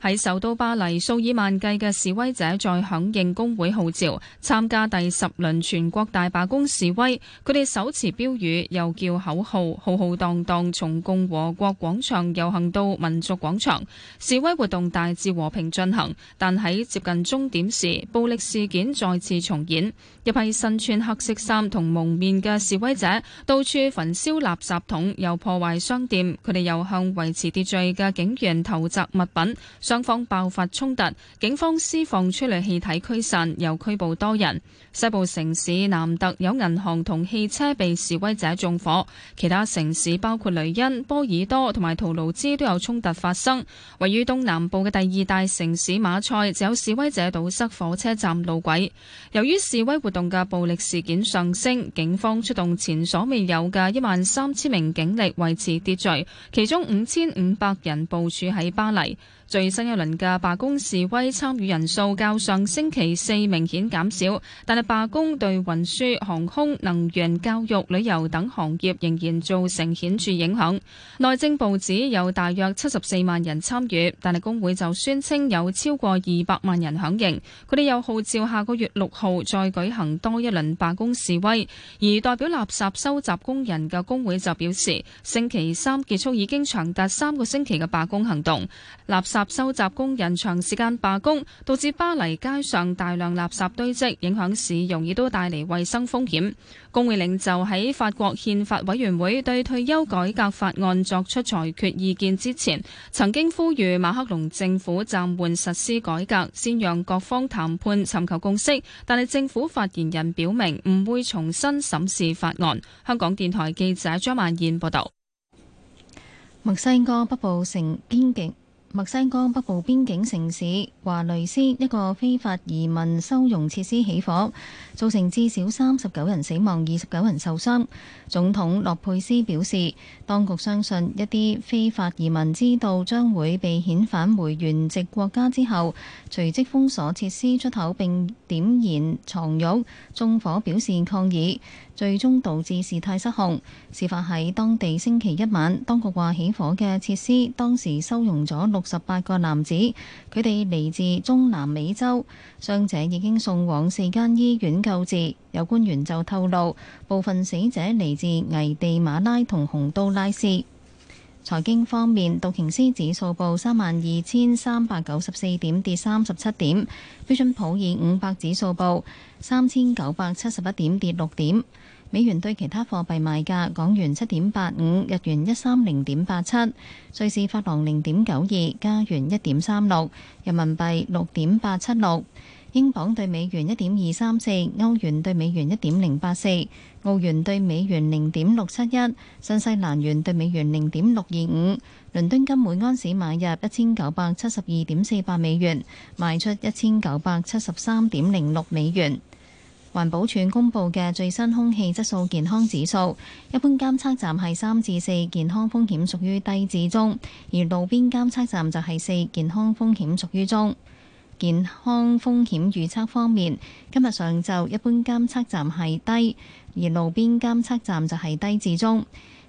S2: 喺首都巴黎，數以萬計嘅示威者在響應工會號召，參加第十輪全國大罷工示威。佢哋手持標語，又叫口號，浩浩蕩蕩從共和國廣場遊行到民族廣場。示威活動大致和平進行，但喺接近終點時，暴力事件再次重演。一批身穿黑色衫同蒙面嘅示威者到處焚燒垃圾桶，又破壞商店。佢哋又向維持秩序嘅警員投擲物品。雙方爆發衝突，警方施放催淚氣體驅散，又拘捕多人。西部城市南特有銀行同汽車被示威者縱火，其他城市包括雷恩、波爾多同埋圖盧茲都有衝突發生。位於東南部嘅第二大城市馬賽，就有示威者堵塞火車站路軌。由於示威活動嘅暴力事件上升，警方出動前所未有嘅一萬三千名警力維持秩序，其中五千五百人部署喺巴黎。最新一輪嘅罷工示威參與人數較上星期四明顯減少，但係罷工對運輸、航空、能源、教育、旅遊等行業仍然造成顯著影響。內政部指有大約七十四萬人參與，但係工會就宣稱有超過二百萬人響應。佢哋又號召下個月六號再舉行多一輪罷工示威。而代表垃圾收集工人嘅工會就表示，星期三結束已經長達三個星期嘅罷工行動，垃圾。垃圾收集工人長時間罷工，導致巴黎街上大量垃圾堆積，影響市容，亦都帶嚟衛生風險。工會領袖喺法國憲法委員會對退休改革法案作出裁決意見之前，曾經呼籲馬克龍政府暫緩實施改革，先讓各方談判尋求共識。但係政府發言人表明唔會重新審視法案。香港電台記者張曼燕報道。
S9: 墨西哥北部城邊境。墨西哥北部邊境城市華雷斯一個非法移民收容設施起火，造成至少三十九人死亡，二十九人受傷。總統洛佩斯表示，當局相信一啲非法移民知道將會被遣返回原籍國家之後，隨即封鎖設施出口，並點燃床褥縱火表示抗議。最終導致事態失控。事發喺當地星期一晚，當局話起火嘅設施當時收容咗六十八個男子，佢哋嚟自中南美洲。傷者已經送往四間醫院救治。有官員就透露，部分死者嚟自危地馬拉同洪都拉斯。財經方面，道瓊斯指數報三萬二千三百九十四點，跌三十七點；標準普爾五百指數報三千九百七十一點，跌六點。美元對其他貨幣賣價：港元七點八五，日元一三零點八七，瑞士法郎零點九二，加元一點三六，人民幣六點八七六，英鎊對美元一點二三四，歐元對美元一點零八四，澳元對美元零點六七一，新西蘭元對美元零點六二五，倫敦金每安士買入一千九百七十二點四八美元，賣出一千九百七十三點零六美元。環保署公布嘅最新空氣質素健康指數，一般監測站係三至四，健康風險屬於低至中；而路邊監測站就係四，健康風險屬於中。健康風險預測方面，今日上晝一般監測站係低，而路邊監測站就係低至中；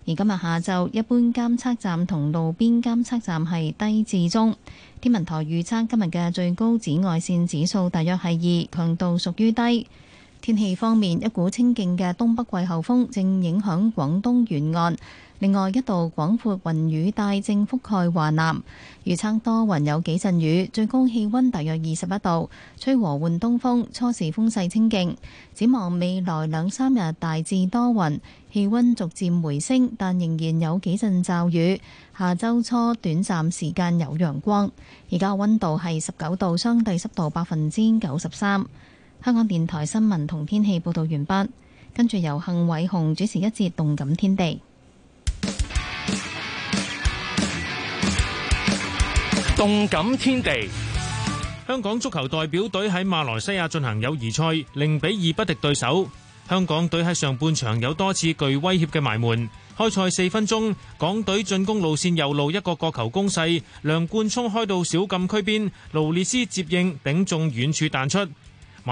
S9: 而今日下晝一般監測站同路邊監測站係低至中。天文台預測今日嘅最高紫外線指數大約係二，強度屬於低。天氣方面，一股清勁嘅東北季候風正影響廣東沿岸，另外一道廣闊雲雨帶正覆蓋華南，預測多雲有幾陣雨，最高氣溫大約二十一度，吹和緩東風，初時風勢清勁。展望未來兩三日大致多雲，氣溫逐漸回升，但仍然有幾陣驟雨。下週初短暫時間有陽光。而家溫度係十九度，相對濕度百分之九十三。香港電台新聞同天氣報道完畢，跟住由幸偉雄主持一節《動感天地》。
S8: 《動感天地》，香港足球代表隊喺馬來西亞進行友誼賽，零比二不敵對手。香港隊喺上半場有多次具威脅嘅埋門。開賽四分鐘，港隊進攻路線右路一個角球攻勢，梁冠聰開到小禁區邊，勞列斯接應，頂中遠處彈出。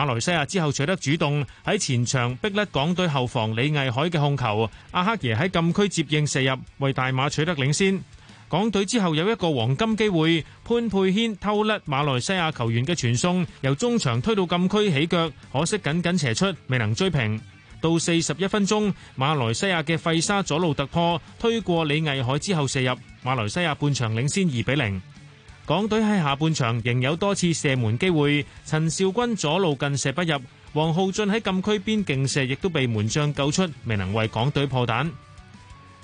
S8: 馬來西亞之後取得主動，喺前場逼甩港隊後防李毅海嘅控球，阿黑爺喺禁區接應射入，為大馬取得領先。港隊之後有一個黃金機會，潘佩軒偷甩馬來西亞球員嘅傳送，由中場推到禁區起腳，可惜僅僅斜出，未能追平。到四十一分鐘，馬來西亞嘅費沙左路突破，推過李毅海之後射入，馬來西亞半場領先二比零。港隊喺下半場仍有多次射門機會，陳肇鈞左路近射不入，黃浩俊喺禁區邊勁射亦都被門將救出，未能為港隊破蛋。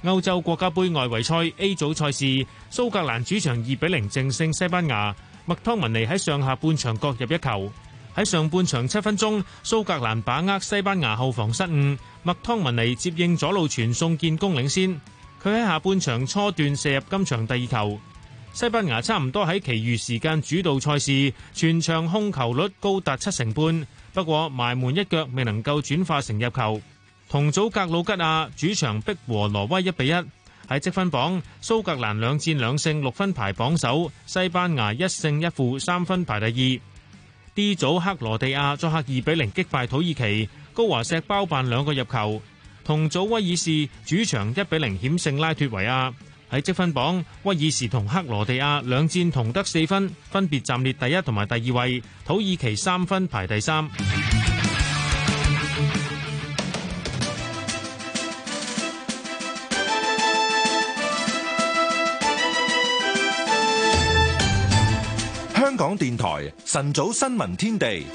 S8: 歐洲國家杯外圍賽 A 組賽事，蘇格蘭主場二比零淨勝西班牙，麥湯文尼喺上下半場各入一球。喺上半場七分鐘，蘇格蘭把握西班牙後防失誤，麥湯文尼接應左路傳送建功領先，佢喺下半場初段射入今場第二球。西班牙差唔多喺其餘時間主導賽事，全場控球率高達七成半，不過埋門一腳未能夠轉化成入球。同組格魯吉亞主場逼和挪威一比一。喺積分榜，蘇格蘭兩戰兩勝六分排榜首，西班牙一勝一負三分排第二。D 組克羅地亞作客二比零擊敗土耳其，高華石包辦兩個入球。同組威爾士主場一比零險勝拉脫維亞。喺積分榜，威爾士同克羅地亞兩戰同得四分，分別暫列第一同埋第二位，土耳其三分排第三。
S1: 香港電台晨早新聞天地。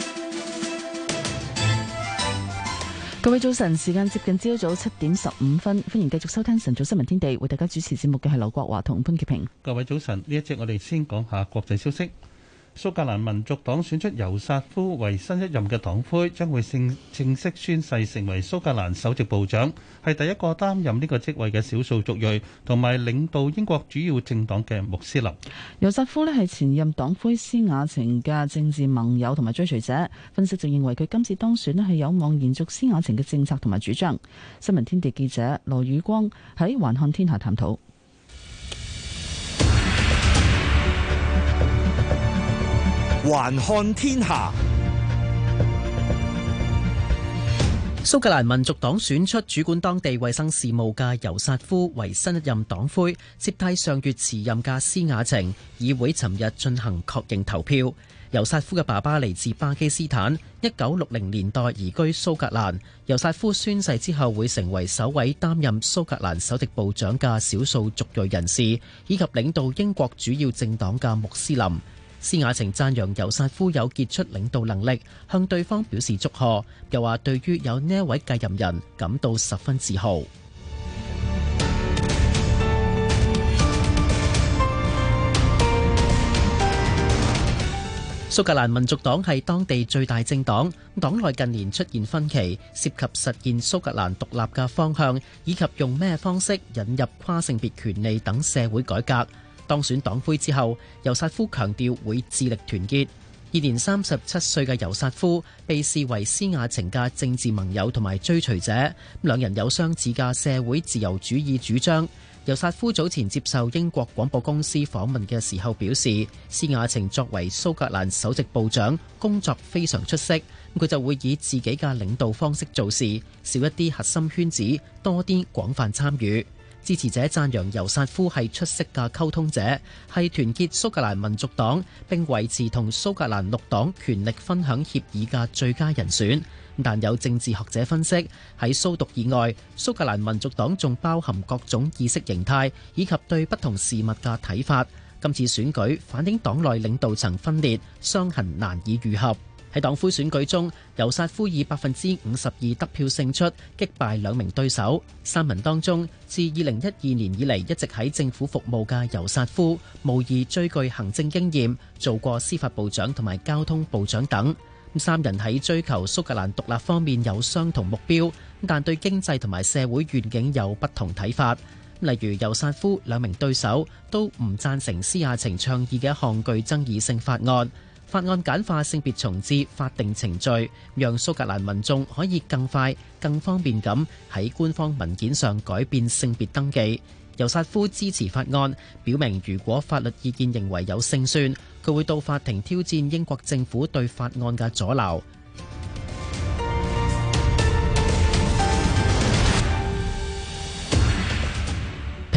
S3: 各位早晨，時間接近朝早七點十五分，歡迎繼續收聽晨早新聞天地，為大家主持節目嘅係劉國華同潘潔平。
S4: 各位早晨，呢一節我哋先講下國際消息。蘇格蘭民族黨選出尤薩夫為新一任嘅黨魁，將會正式宣誓成為蘇格蘭首席部長，係第一個擔任呢個職位嘅少數族裔，同埋領導英國主
S3: 要政黨嘅穆斯林。
S1: 環看天下，
S14: 蘇格蘭民族黨選出主管當地衛生事務嘅尤薩夫為新一任黨魁，接替上月辭任嘅施雅晴。議會尋日進行確認投票。尤薩夫嘅爸爸嚟自巴基斯坦，一九六零年代移居蘇格蘭。尤薩夫宣誓之後會成為首位擔任蘇格蘭首席部長嘅少數族裔人士，以及領導英國主要政黨嘅穆斯林。施雅晴贊揚尤薩夫有傑出領導能力，向對方表示祝賀，又話對於有呢位繼任人感到十分自豪。蘇 格蘭民族黨係當地最大政黨，黨內近年出現分歧，涉及實現蘇格蘭獨立嘅方向，以及用咩方式引入跨性別權利等社會改革。當選黨魁之後，尤薩夫強調會致力團結。二年三十七歲嘅尤薩夫被視為施雅晴嘅政治盟友同埋追隨者，兩人有相似嘅社會自由主義主張。尤薩夫早前接受英國廣播公司訪問嘅時候表示，施雅晴作為蘇格蘭首席部長，工作非常出色，佢就會以自己嘅領導方式做事，少一啲核心圈子，多啲廣泛參與。支持者讚揚尤薩夫係出色嘅溝通者，係團結蘇格蘭民族黨並維持同蘇格蘭綠黨權力分享協議嘅最佳人選。但有政治學者分析，喺蘇獨以外，蘇格蘭民族黨仲包含各種意識形態以及對不同事物嘅睇法。今次選舉反映黨內領導層分裂，傷痕難以愈合。喺黨魁選舉中，尤薩夫以百分之五十二得票勝出，擊敗兩名對手。三人當中，自二零一二年以嚟一直喺政府服務嘅尤薩夫，無疑最具行政經驗，做過司法部長同埋交通部長等。咁三人喺追求蘇格蘭獨立方面有相同目標，但對經濟同埋社會願景有不同睇法。例如尤薩夫兩名對手都唔讚成施亞晴倡議嘅一項具爭議性法案。法案，簡化性別重置法定程序，讓蘇格蘭民眾可以更快更方便咁喺官方文件上改變性別登記。尤沙夫支持法案，表明如果法律意見認為有勝算，佢會到法庭挑戰英國政府對法案嘅阻撓。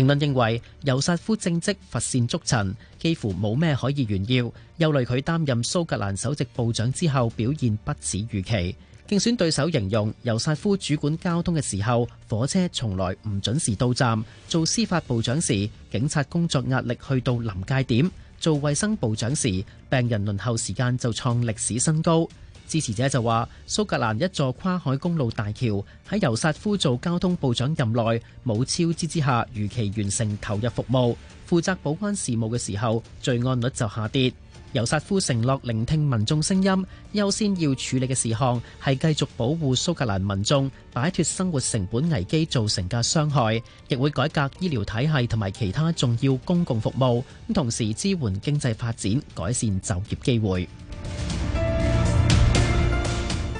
S14: 評論認為，尤薩夫政績乏善足陳，幾乎冇咩可以炫耀。又累佢擔任蘇格蘭首席部長之後表現不似預期。競選對手形容尤薩夫主管交通嘅時候，火車從來唔準時到站；做司法部長時，警察工作壓力去到臨界點；做衛生部長時，病人輪候時間就創歷史新高。支持者就話：蘇格蘭一座跨海公路大橋喺尤薩夫做交通部長任內冇超支之下如期完成投入服務。負責保安事務嘅時候，罪案率就下跌。尤薩夫承諾聆聽民眾聲音，優先要處理嘅事項係繼續保護蘇格蘭民眾，擺脫生活成本危機造成嘅傷害，亦會改革醫療體系同埋其他重要公共服務，同時支援經濟發展，改善就業機會。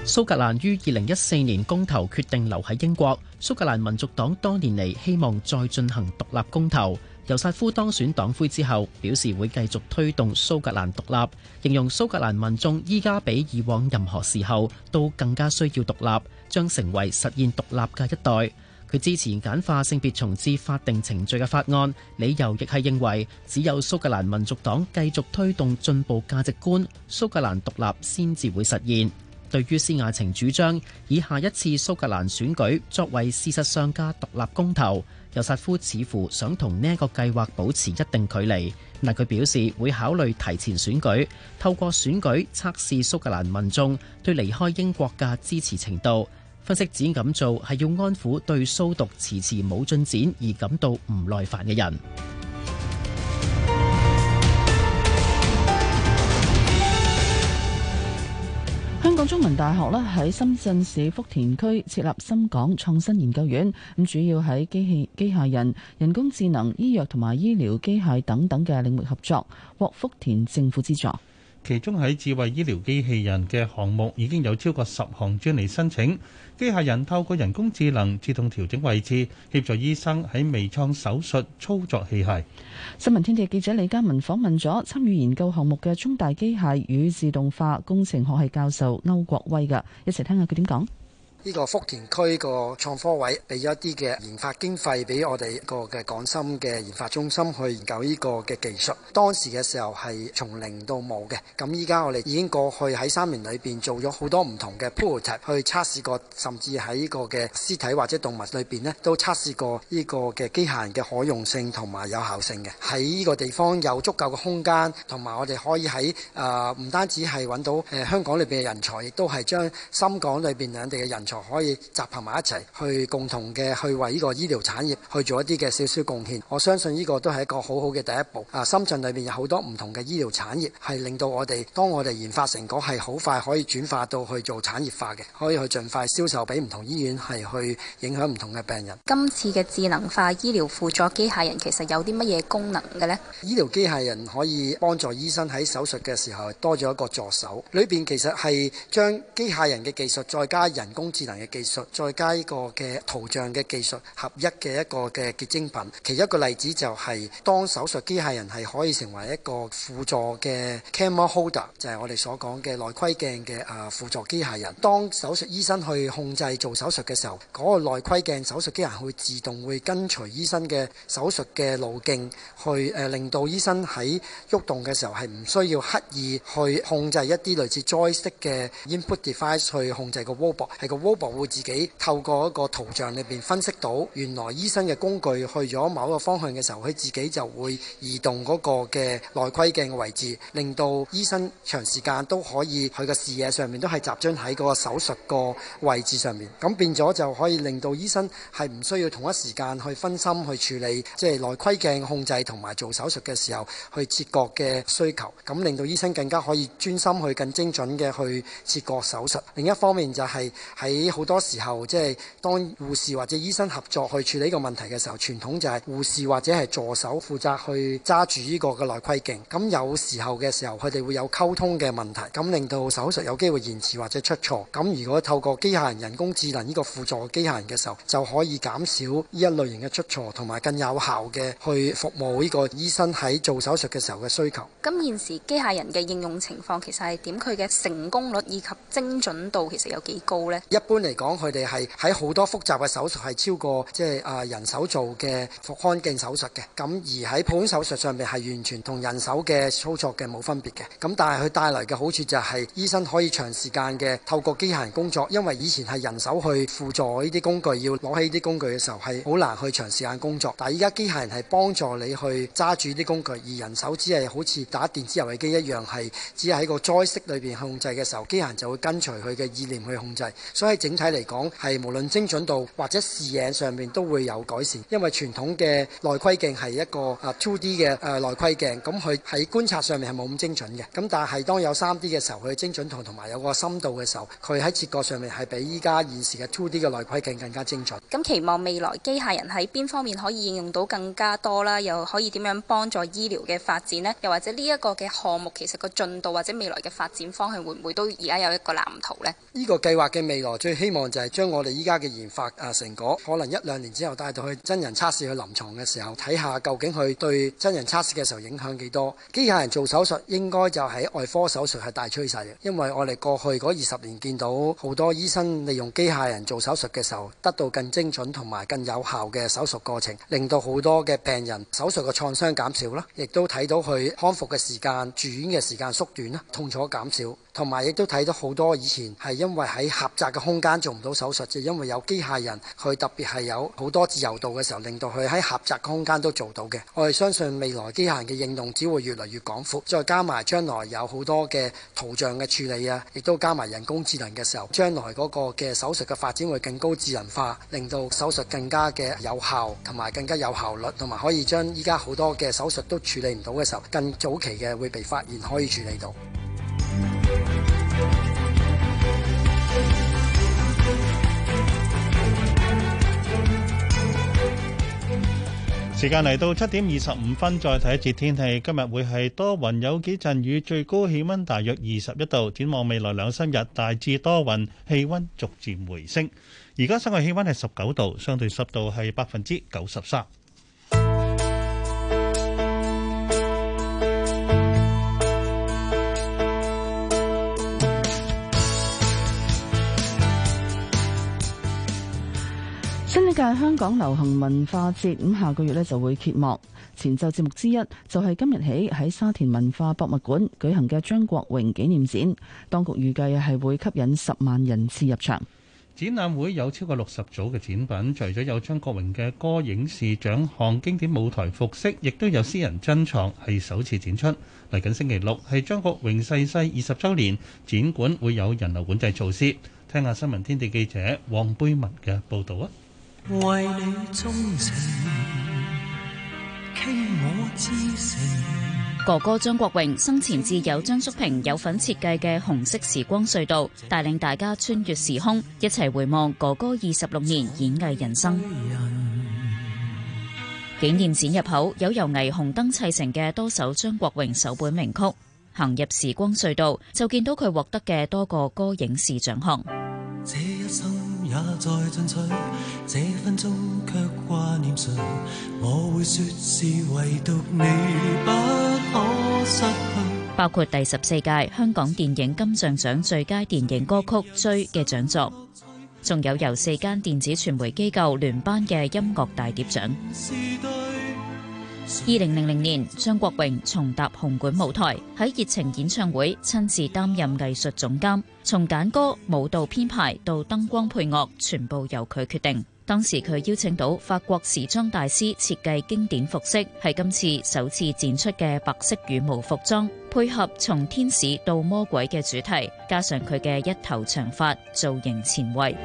S14: 蘇格蘭於對於施雅晴主張以下一次蘇格蘭選舉作為事實上加獨立公投，尤薩夫似乎想同呢一個計劃保持一定距離。但，佢表示會考慮提前選舉，透過選舉測試蘇格蘭民眾對離開英國嘅支持程度，分析指咁做係要安撫對蘇獨遲遲冇進展而感到唔耐煩嘅人。
S3: 香港中文大學呢，喺深圳市福田區設立深港創新研究院，咁主要喺機器、機械人、人工智能、醫藥同埋醫療機械等等嘅領域合作，獲福田政府資助。
S4: 其中喺智慧醫療機器人嘅項目已經有超過十項專利申請。機械人透過人工智能自動調整位置，協助醫生喺微創手術操作器械。
S3: 新聞天地記者李嘉文訪問咗參與研究項目嘅中大機械與自動化工程學系教授歐國威，㗎，一齊聽下佢點講。
S15: 呢個福田區個創科位，俾咗一啲嘅研發經費俾我哋個嘅港深嘅研發中心去研究呢個嘅技術，當時嘅時候係從零到冇嘅，咁依家我哋已經過去喺三年裏邊做咗好多唔同嘅 project 去測試過，甚至喺呢個嘅屍體或者動物裏邊咧都測試過呢個嘅機械人嘅可用性同埋有效性嘅。喺呢個地方有足夠嘅空間同埋我哋可以喺誒唔單止係揾到誒、呃、香港裏邊嘅人才，亦都係將深港裏邊兩地嘅人才。就可以集合埋一齊去共同嘅，去為呢個醫療產業去做一啲嘅少少貢獻，我相信呢個都係一個好好嘅第一步。啊，深圳裏邊有好多唔同嘅醫療產業，係令到我哋當我哋研發成果係好快可以轉化到去做產業化嘅，可以去盡快銷售俾唔同醫院係去影響唔同嘅病人。
S16: 今次嘅智能化醫療輔助機械人其實有啲乜嘢功能嘅咧？
S15: 醫療機械人可以幫助醫生喺手術嘅時候多咗一個助手。裏邊其實係將機械人嘅技術再加人工智能嘅技術再加呢個嘅圖像嘅技術合一嘅一個嘅結晶品，其中一個例子就係、是、當手術機械人係可以成為一個輔助嘅 camera holder，就係我哋所講嘅內窺鏡嘅啊輔助機械人。當手術醫生去控制，做手術嘅時候，嗰個內窺鏡手術機器人會自動會跟隨醫生嘅手術嘅路徑去誒、呃、令到醫生喺喐動嘅時候係唔需要刻意去控制一啲類似 joystick 嘅 input device 去控制個 robot，係個 robot。波波會自己透過一個圖像裏邊分析到，原來醫生嘅工具去咗某個方向嘅時候，佢自己就會移動嗰個嘅內窺鏡嘅位置，令到醫生長時間都可以佢嘅視野上面都係集中喺嗰個手術個位置上面，咁變咗就可以令到醫生係唔需要同一時間去分心去處理即係內窺鏡控制同埋做手術嘅時候去切割嘅需求，咁令到醫生更加可以專心去更精準嘅去切割手術，另一方面就係喺好多時候，即係當護士或者醫生合作去處理呢個問題嘅時候，傳統就係護士或者係助手負責去揸住呢個嘅內窺鏡。咁有時候嘅時候，佢哋會有溝通嘅問題，咁令到手術有機會延遲或者出錯。咁如果透過機械人人工智能呢個輔助機械人嘅時候，就可以減少呢一類型嘅出錯，同埋更有效嘅去服務呢個醫生喺做手術嘅時候嘅需求。
S2: 咁現時機械人嘅應用情況其實係點？佢嘅成功率以及
S7: 精準度其實有幾高呢？
S15: 一般嚟講，佢哋係喺好多複雜嘅手術係超過即係啊人手做嘅腹腔鏡手術嘅。咁而喺普通手術上面係完全同人手嘅操作嘅冇分別嘅。咁但係佢帶來嘅好處就係醫生可以長時間嘅透過機械人工作，因為以前係人手去輔助呢啲工具，要攞起呢啲工具嘅時候係好難去長時間工作。但係而家機械人係幫助你去揸住啲工具，而人手只係好似打電子遊戲機一樣，係只係喺個 joystick 裏邊控制嘅時候，機械人就會跟隨佢嘅意念去控制。所以整體嚟講，係無論精準度或者視野上面都會有改善，因為傳統嘅內窺鏡係一個啊 2D 嘅誒內窺鏡，咁佢喺觀察上面係冇咁精準嘅。咁但係當有 3D 嘅時候，佢嘅精準同同埋有個深度嘅時候，佢喺切割上面係比依家現時嘅 2D 嘅內窺鏡更加精準。
S16: 咁期望未
S2: 來機械人喺邊方面可以應用到更加多啦，又可以點樣幫助醫療嘅發展呢？又或者呢一個嘅項目其實個進度或者未來嘅發展方向會唔會都而家有一個
S15: 藍圖呢？呢個計劃嘅未來。最希望就係將我哋依家嘅研發啊成果，可能一兩年之後帶到去真人測試去臨床嘅時候，睇下究竟佢對真人測試嘅時候影響幾多。機械人做手術應該就喺外科手術係大趨勢嘅，因為我哋過去嗰二十年見到好多醫生利用機械人做手術嘅時候，得到更精準同埋更有效嘅手術過程，令到好多嘅病人手術嘅創傷減少啦，亦都睇到佢康復嘅時間、住院嘅時間縮短啦，痛楚減少。同埋亦都睇到好多以前係因為喺狹窄嘅空間做唔到手術，就因為有機械人，佢特別係有好多自由度嘅時候，令到佢喺狹窄空間都做到嘅。我哋相信未來機械人嘅應用只會越嚟越廣闊，再加埋將來有好多嘅圖像嘅處理啊，亦都加埋人工智能嘅時候，將來嗰個嘅手術嘅發展會更高智能化，令到手術更加嘅有效同埋更加有效率，同埋可以將依家好多嘅手術都處理唔到嘅時候，更早期嘅會被發現可以處理到。
S4: 時間嚟到七點二十五分，再睇一次天氣。今日會係多雲，有幾陣雨，最高氣溫大約二十一度。展望未來兩三日，大致多雲，氣溫逐漸回升。而家室外氣溫係十九度，相對濕度係百分之九十三。
S3: 新一屆香港流行文化節咁下個月咧就會揭幕。前奏節目之一就係今日起喺沙田文化博物館舉行嘅張國榮紀念展。當局預計係會吸引十萬人次入場。
S4: 展覽會有超過六十組嘅展品，除咗有張國榮嘅歌、影視獎項、經典舞台服飾，亦都有私人珍藏係首次展出。嚟緊星期六係張國榮逝世二十週年，展館會有人流管制措施。聽下新聞天地記者黃貝文嘅報導啊！
S12: 為你鍾情，傾我至誠。
S16: 哥哥張國榮生前摯友張叔平有份設計嘅紅色時光隧道，帶領大家穿越時空，一齊回望哥哥二十六年演藝人生。紀念展入口有由霓虹燈砌成嘅多首張國榮首本名曲，行入時光隧道就見到佢獲得嘅多個歌影視獎項。
S4: 也在進取。這分鐘
S13: 卻掛念誰，我會說是唯獨你不
S16: 可失去。包括第十四屆香港電影金像獎最佳電影歌曲追嘅獎座，仲有由四間電子傳媒機構聯班嘅音樂大碟獎。二零零零年，張國榮重踏紅館舞台，喺熱情演唱會親自擔任藝術總監，從揀歌、舞蹈編排到燈光配樂，全部由佢決定。當時佢邀請到法國時裝大師設計經典服飾，係今次首次展出嘅白色羽毛服裝，配合從天使到魔鬼嘅主題，加上佢嘅一頭長髮，造型前衛。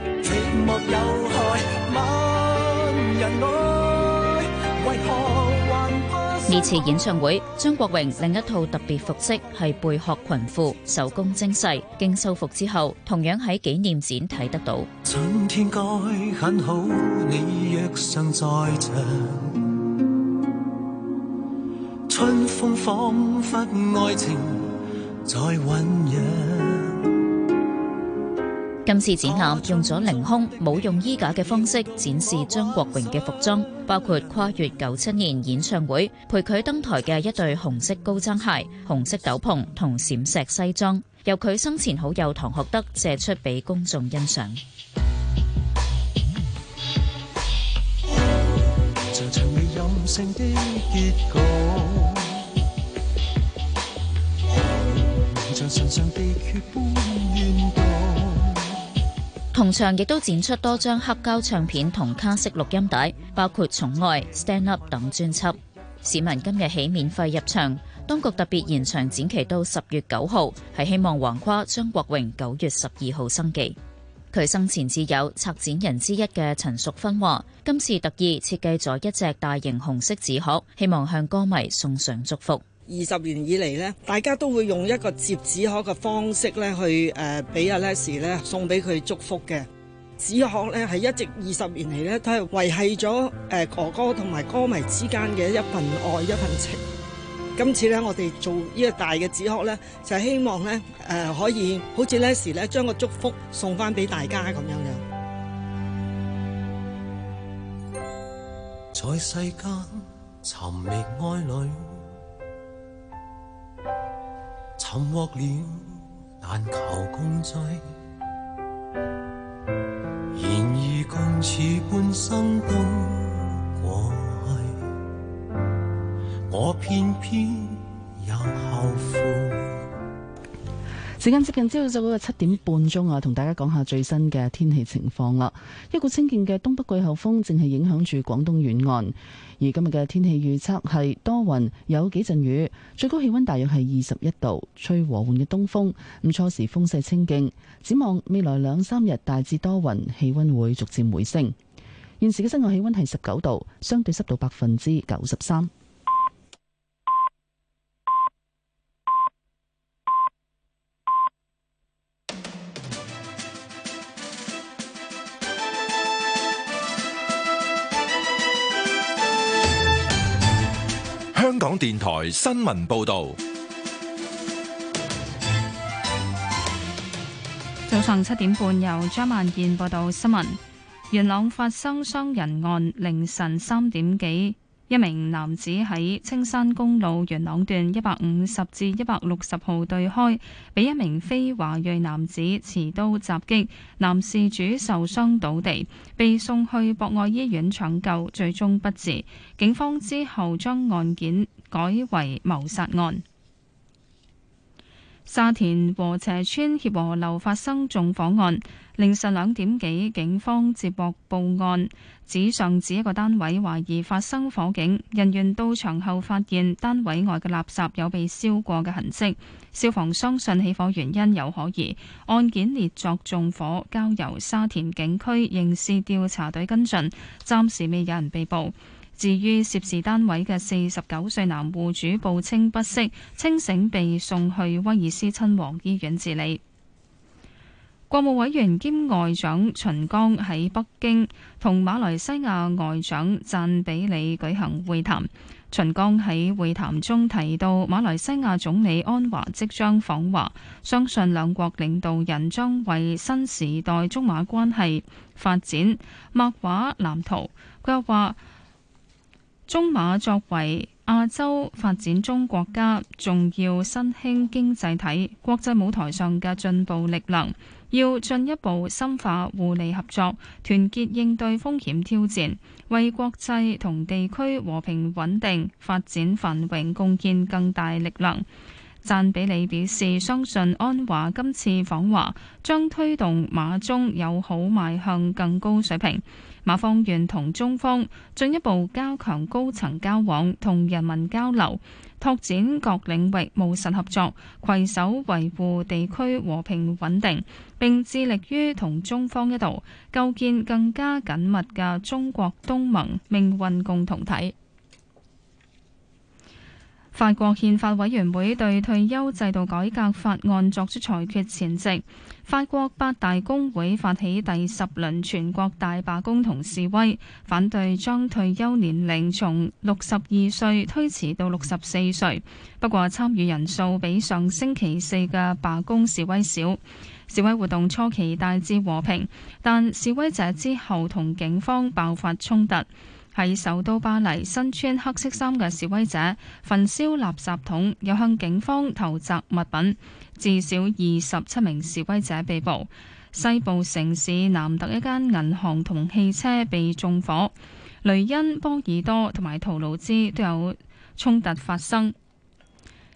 S16: 呢次演唱會，張國榮另一套特別服飾係貝殼裙褲，手工精細，經修復之後，同樣喺紀念展睇得到。
S13: 春天該很好，你若
S8: 尚在場，春風仿佛愛情在醞釀。
S16: 今次展覽用咗凌空冇用衣架嘅方式展示張國榮嘅服裝，包括跨越九七年演唱會陪佢登台嘅一對紅色高踭鞋、紅色斗篷同閃石西裝，由佢生前好友唐鶴德借出俾公眾欣賞。同場亦都展出多張黑膠唱片同卡式錄音帶，包括《寵愛》、《Stand Up》等專輯。市民今日起免費入場，當局特別延長展期到十月九號，係希望橫跨張國榮九月十二號生忌。佢生前摯友策展人之一嘅陳淑芬話：今次特意設計咗一隻大型紅色紙鶴，希望向歌迷送上祝福。
S11: 二十年以嚟呢，大家都會用一個折紙鶴嘅方式呢，去誒俾阿 Leslie 咧，送俾佢祝福嘅紙鶴呢，係一直二十年嚟呢，都係維繫咗誒哥哥同埋歌迷之間嘅一份愛一份情。今次呢，我哋做呢個大嘅紙鶴呢，就係、是、希望呢誒、呃、可以好似 Leslie 咧將個祝福送翻俾大家咁樣樣。
S8: 在世間尋覓愛侶。
S13: 沉默了，但求共醉。然而共此半生都過去，我偏偏又後悔。
S3: 時間接近朝早嗰個七點半鐘啊，同大家講下最新嘅天氣情況啦。一股清勁嘅東北季候風正係影響住廣東沿岸，而今日嘅天氣預測係多雲，有幾陣雨，最高氣温大約係二十一度，吹和緩嘅東風。咁初時風勢清勁，展望未來兩三日大致多雲，氣温會逐漸回升。現時嘅室外氣温係十九度，相對濕度百分之九十三。
S1: 香港電台新聞報道。
S2: 早上七點半，由張萬燕報道新聞。元朗發生傷人案，凌晨三點幾。一名男子喺青山公路元朗段一百五十至一百六十號對開，俾一名非華裔男子持刀襲擊，男事主受傷倒地，被送去博愛醫院搶救，最終不治。警方之後將案件改為謀殺案。沙田禾輋邨協和樓發生縱火案。凌晨兩點幾，警方接獲報案，指上址一個單位懷疑發生火警。人員到場後發現單位外嘅垃圾有被燒過嘅痕跡，消防相信起火原因有可疑，案件列作縱火，交由沙田警區刑事調查隊跟進。暫時未有人被捕。至於涉事單位嘅四十九歲男戶主，報稱不適，清醒被送去威爾斯親王醫院治理。國務委員兼外長秦剛喺北京同馬來西亞外長贊比里舉行會談。秦剛喺會談中提到，馬來西亞總理安華即將訪華，相信兩國領導人將為新時代中馬關係發展擘畫藍圖。佢又話，中馬作為亞洲發展中國家重要新興經濟體，國際舞台上嘅進步力量。」要進一步深化互利合作，團結應對風險挑戰，為國際同地區和平穩定發展繁榮貢獻更大力量。贊比里表示，相信安華今次訪華將推動馬中友好邁向更高水平。馬方願同中方進一步加強高層交往同人民交流，拓展各領域務實合作，攜手維護地區和平穩定，並致力於同中方一道構建更加緊密嘅中國東盟命運共同體。法國憲法委員會對退休制度改革法案作出裁決前夕，法國八大工會發起第十輪全國大罷工同示威，反對將退休年齡從六十二歲推遲到六十四歲。不過參與人數比上星期四嘅罷工示威少。示威活動初期大致和平，但示威者之後同警方爆發衝突。喺首都巴黎，身穿黑色衫嘅示威者焚燒垃圾桶，又向警方投擲物品，至少二十七名示威者被捕。西部城市南特一間銀行同汽車被縱火，雷恩、波爾多同埋圖魯茲都有衝突發生。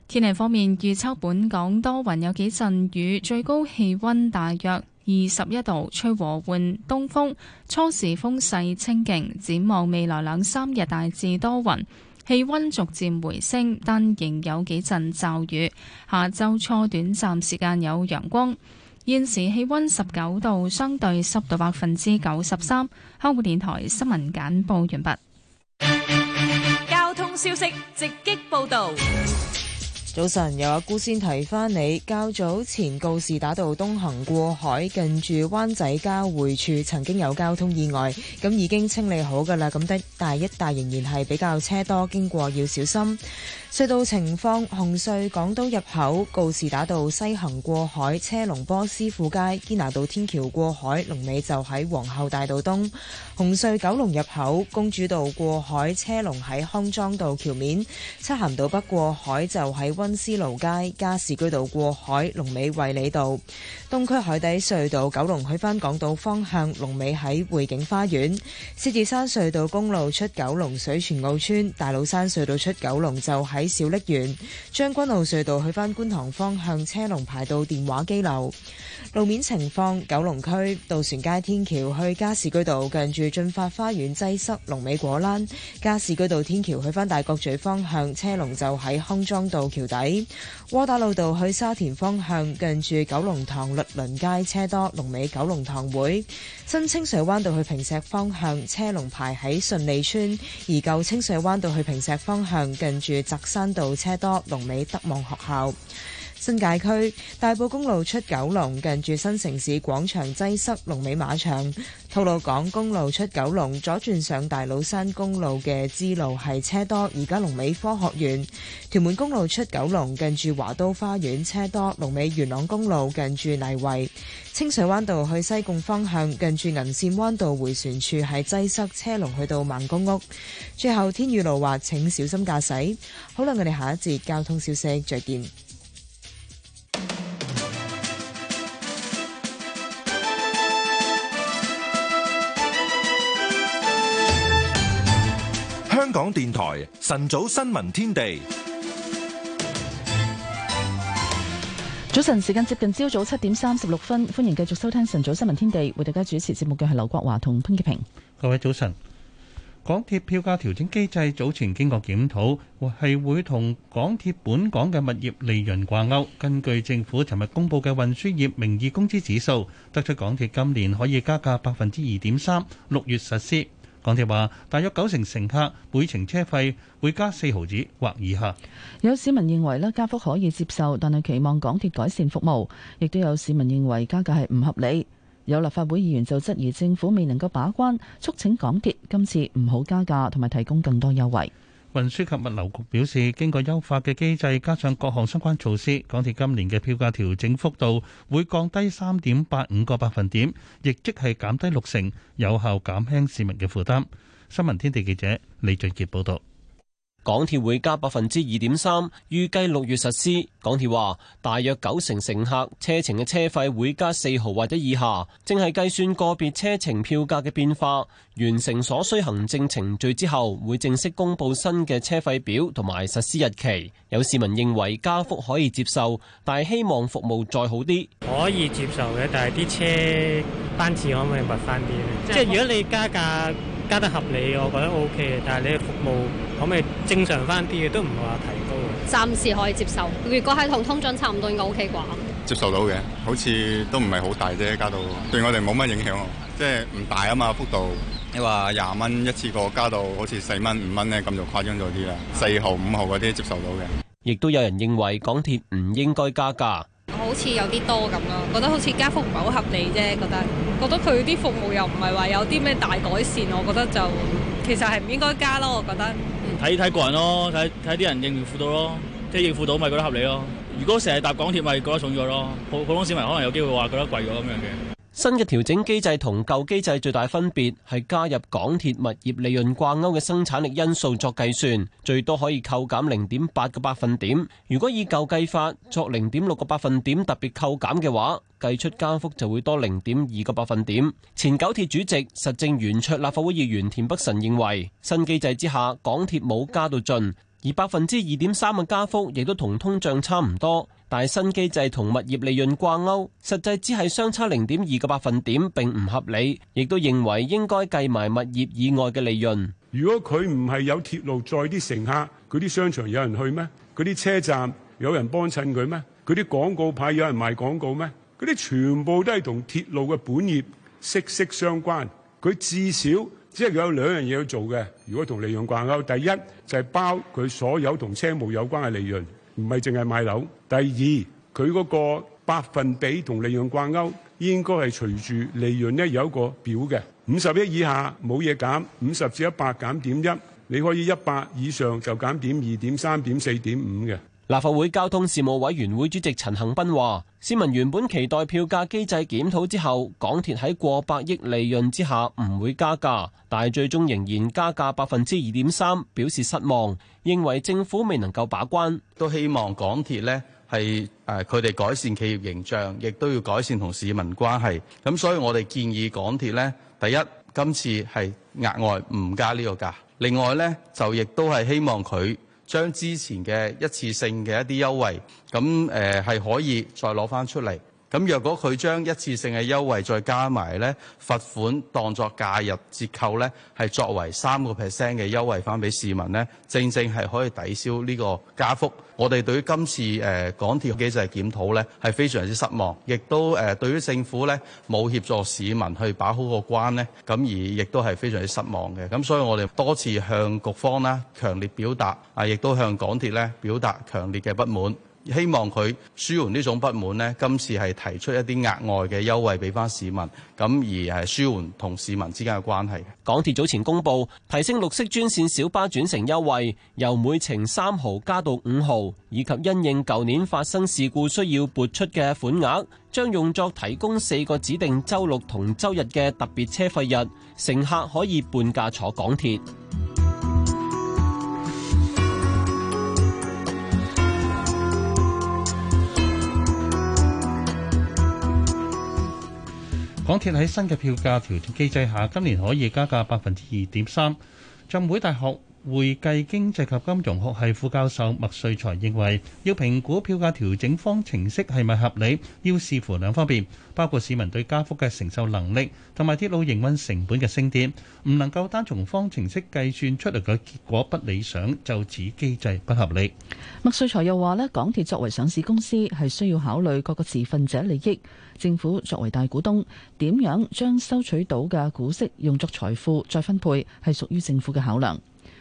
S2: 天氣方面預測本港多雲有幾陣雨，最高氣溫大約。二十一度，吹和緩東風，初時風勢清勁。展望未來兩三日大致多雲，氣溫逐漸回升，但仍有幾陣驟雨。下周初短暫時間有陽光。現時氣溫十九度，相對濕度百分之九十三。香港電台新聞簡報完畢。
S6: 交通消息直擊報道。
S11: 早晨，有阿姑先提翻你，較早前告士打道東行過海近住灣仔交匯處，曾經有交通意外，咁已經清理好噶啦，咁的但一帶仍然係比較車多，經過要小心。隧道情況，紅隧港島入口告士打道西行過海車龍波斯富街堅拿道天橋過海龍尾就喺皇后大道東，紅隧九龍入口公主道過海車龍喺康莊道橋面；漆咸道北過海就喺溫思勞街加士居道過海龍尾衛理道；東區海底隧道，隧道九龍去返港島方向龍尾喺匯景花園獅子山隧道公路出九龍水泉澳村；大老山隧道出九龍就喺。喺小瀝園將軍澳隧道去返觀塘方向車龍排到電話機樓，路面情況：九龍區渡船街天橋去加士居道近住駿發花園擠塞，龍尾果欄；加士居道天橋去返大角咀方向車龍就喺康莊道橋底；窩打老道去沙田方向近住九龍塘律倫街車多，龍尾九龍塘會；新清水灣道去坪石方向車龍排喺順利邨，而舊清水灣道去坪石方向近住澤山道車多，龍尾德望學校。新界區大埔公路出九龍，近住新城市廣場擠塞，龍尾馬場。吐露港公路出九龍，左轉上大老山公路嘅支路係車多。而家龍尾科學園。屯門公路出九龍，近住華都花園車多，龍尾元朗公路近住泥圍。清水灣道去西貢方向，近住銀線灣道回旋處係擠塞，車龍去到孟公屋。最後，天雨路滑：請小心駕駛。好啦，我哋下一節交通消息再見。
S1: 香港電台晨早新聞天地，
S3: 早晨時間接近朝早七點三十六分，歡迎繼續收聽晨早新聞天地，為大家主持節目嘅係劉國華同潘潔平。
S4: 各位早晨，港鐵票價調整機制早前經過檢討，係會同港鐵本港嘅物業利潤掛鈎。根據政府尋日公布嘅運輸業名義工資指數，得出港鐵今年可以加價百分之二點三，六月實施。港鐵話，大約九成乘客每程車費會加四毫子或以下。
S3: 有市民認為呢加幅可以接受，但係期望港鐵改善服務。亦都有市民認為加價係唔合理。有立法會議員就質疑政府未能夠把關，促請港鐵今次唔好加價，同埋提供更多優惠。
S4: 運輸及物流局表示，經過優化嘅機制，加上各項相關措施，港鐵今年嘅票價調整幅度會降低三點八五個百分點，亦即係減低六成，有效減輕市民嘅負擔。新聞
S12: 天地記者李俊杰報道。港鐵會加百分之二點三，預計六月實施。港鐵話大約九成乘客車程嘅車費會加四毫或者以下，正係計算個別車程票價嘅變化。完成所需行政程序之後，會正式公布新嘅車費表同埋實施日期。有市民認為加幅可以接受，但係希望服務再好啲。可以接受嘅，但係啲車班次可唔可以密翻啲？即係如果你加價。加得合理，
S8: 我覺得 O K 嘅。但係你嘅服務可唔可以正常翻啲嘅，都唔會話提高。
S9: 暫時可以接受。如果係同通脹差唔多，應該 O K 啩？
S8: 接
S1: 受到嘅，好似都唔係好大啫，加到對我哋冇乜影響。即係唔大啊嘛幅度。你話廿蚊一次過
S12: 加到好似四蚊五蚊咧，咁就誇張咗啲啦。四毫五毫嗰啲接受到嘅。亦都有人認為港鐵唔應該加價。
S2: 好似有啲多咁咯，覺得好似加幅唔係好合理啫。覺得覺得佢啲服務又唔係話有啲咩大改善，我覺得就其實係唔應該加咯。我覺得
S8: 睇睇、嗯、個人咯，睇睇啲人應唔應付到咯，即係應付到咪覺得合理咯。如果成日搭港鐵咪覺得重咗咯，普普通市民可能有機會話覺得貴咗咁樣嘅。
S12: 新嘅調整機制同舊機制最大分別係加入港鐵物業利潤掛鈎嘅生產力因素作計算，最多可以扣減零點八個百分點。如果以舊計法作零點六個百分點特別扣減嘅話，計出加幅就會多零點二個百分點。前九鐵主席、實政圓桌立法會議員田北辰認為，新機制之下港鐵冇加到盡，而百分之二點三嘅加幅亦都同通脹差唔多。但係新機制同物業利潤掛鈎，實際只係相差零點二個百分點，並唔合理。亦都認為應該計埋物業以外嘅利潤。
S13: 如果佢唔係有鐵路載啲乘客，嗰啲商場有人去咩？嗰啲車站有人幫襯佢咩？嗰啲廣告牌有人賣廣告咩？嗰啲全部都係同鐵路嘅本業息息相關。佢至少只係有兩樣嘢要做嘅。如果同利潤掛鈎，第一就係包佢所有同車務有關嘅利潤。唔係淨係賣樓。第二，佢嗰個百分比同利潤掛鈎，應該係隨住利潤咧有個表嘅。五十億以下冇嘢減，五十至一百減點一，你可以一百以上就減點二、點三、點四、點五嘅。立法
S12: 會交通事務委員會主席陳恆斌話。市民原本期待票價機制檢討之後，港鐵喺過百億利潤之下唔會加價，但係最終仍然加價百分之二點三，表示失望，認為政府未能夠把關。都希望港鐵呢係誒佢哋改善企業形象，亦都要改善同市民關
S4: 係。咁所以我哋建議港鐵呢，第一今次係額外唔加呢個價，另外呢，就亦都係希望佢。將之前嘅一次性嘅一啲優惠，咁、呃、係可以再攞返出嚟。咁若果佢將一次性嘅優惠再加埋咧，罰款當作假日折扣咧，係作為三個 percent 嘅優惠翻俾市民咧，正正係可以抵消呢個加幅。我哋對於今次誒、呃、港鐵機制嘅檢討咧，係非常之失望，亦都誒、呃、對於政府咧冇協助市民去把好個關咧，咁而亦都係非常之失望嘅。咁所以我哋多次向局方咧強烈表達啊，亦都向港鐵咧表達強烈嘅不滿。希望佢舒緩呢種不滿呢，今次係提出一啲額外嘅優惠俾
S12: 翻市民，咁而係舒緩同市民之間嘅關係。港鐵早前公布提升綠色專線小巴轉乘優惠，由每程三毫加到五毫，以及因應舊年發生事故需要撥出嘅款額，將用作提供四個指定周六同周日嘅特別車費日，乘客可以半價坐港鐵。
S4: 港鐵喺新嘅票價調整機制下，今年可以加價百分之二點三。浸會大學會計經濟及金融學系副教授麥瑞才認為，要評估票價調整方程式係咪合理，要視乎兩方面，包括市民對加幅嘅承受能力同埋鐵路營運成本嘅升跌。唔能夠單從方程式計算出嚟嘅結果不理想，就此機制不合理。
S3: 麥瑞才又話呢，港鐵作為上市公司係需要考慮各個持份者利益，政府作為大股東點樣將收取到嘅股息用作財富再分配，係屬於政府嘅考量。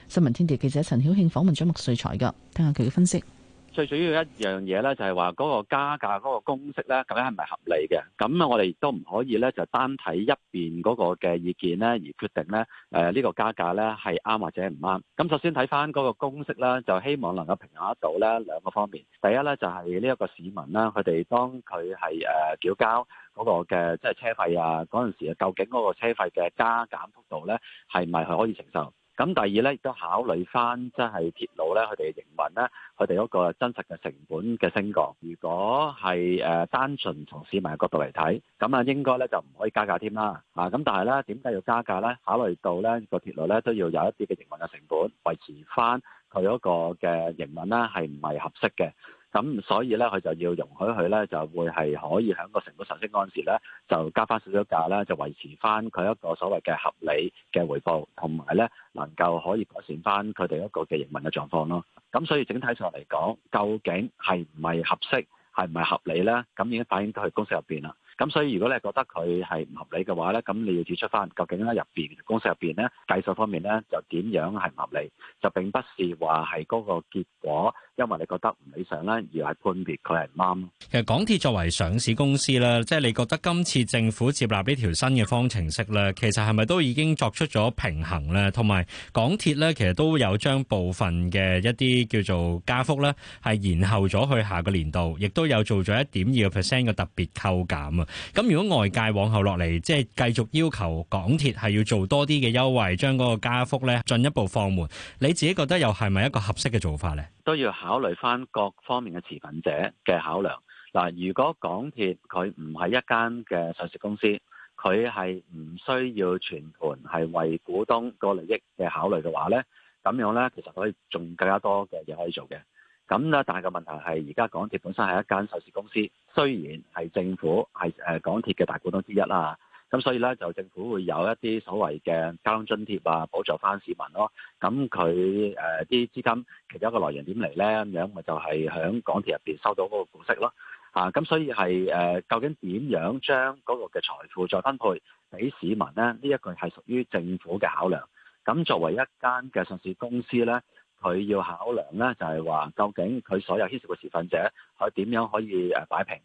S3: 新聞天地記者陳曉慶訪問咗木瑞才噶，聽下佢嘅分析。
S17: 最主要一樣嘢咧，就係話嗰個加價嗰個公式咧，究竟係咪合理嘅？咁啊，我哋亦都唔可以咧，就單睇一邊嗰個嘅意見咧而決定咧，誒、呃、呢、呢個加價咧係啱或者唔啱。咁首先睇翻嗰個公式咧，就希望能夠平衡得到咧兩個方面。第一咧就係呢一個市民啦，佢哋當佢係誒繳交嗰個嘅即係車費啊嗰陣時啊，時究竟嗰個車費嘅加減幅度咧係咪係可以承受？咁第二咧，亦都考慮翻即係鐵路咧，佢哋嘅營運咧，佢哋嗰個真實嘅成本嘅升降。如果係誒單純從市民嘅角度嚟睇，咁啊應該咧就唔可以加價添啦。嚇咁，但係咧點解要加價咧？考慮到咧個鐵路咧都要有一啲嘅營運嘅成本維持翻佢嗰個嘅營運咧，係唔係合適嘅？咁所以咧，佢就要容許佢咧，就會係可以喺個成本上升嗰陣時咧，就加翻少少價咧，就維持翻佢一個所謂嘅合理嘅回報，同埋咧能夠可以改善翻佢哋一個嘅營運嘅狀況咯。咁所以整體上嚟講，究竟係唔係合適，係唔係合理咧？咁已經反映到去公司入邊啦。咁所以，如果你覺得佢係唔合理嘅話咧，咁你要指出翻究竟咧入邊公司入邊咧計數方面咧，就點樣係唔合理？就並不是話係嗰個結果，因為你覺得唔理想咧，而係判別佢係唔啱。其實港鐵作為上市公司咧，即係你覺得今次政府接納呢條新嘅方程式咧，其實係咪都已經作出咗平衡咧？同埋港鐵咧，其實都有將部分嘅一啲叫做加幅咧，係延後咗去下個年度，亦都有做咗一點二個 percent 嘅特別扣減啊！咁如果外界往後落嚟，即係繼續要求港鐵係要做多啲嘅優惠，將嗰個加幅咧進一步放緩，你自己覺得又係咪一個合適嘅做法咧？都要考慮翻各方面嘅持份者嘅考量。嗱，如果港鐵佢唔係一間嘅上市公司，佢係唔需要全盤係爲股東個利益嘅考慮嘅話咧，咁樣咧其實可以仲更加多嘅嘢可以做嘅。咁咧，但係個問題係，而家港鐵本身係一間上市公司，雖然係政府係誒港鐵嘅大股東之一啦，咁所以咧就政府會有一啲所謂嘅交通津貼啊，補助翻市民咯。咁佢誒啲資金，其中一個來源點嚟咧，咁樣咪就係響港鐵入邊收到嗰個股息咯。啊，咁所以係誒，究竟點樣將嗰個嘅財富再分配俾市民咧？呢一個係屬於政府嘅考量。咁作為一間嘅上市公司咧。佢要考量咧，就係話究竟佢所有牽涉嘅持份者，佢點樣可以誒擺平？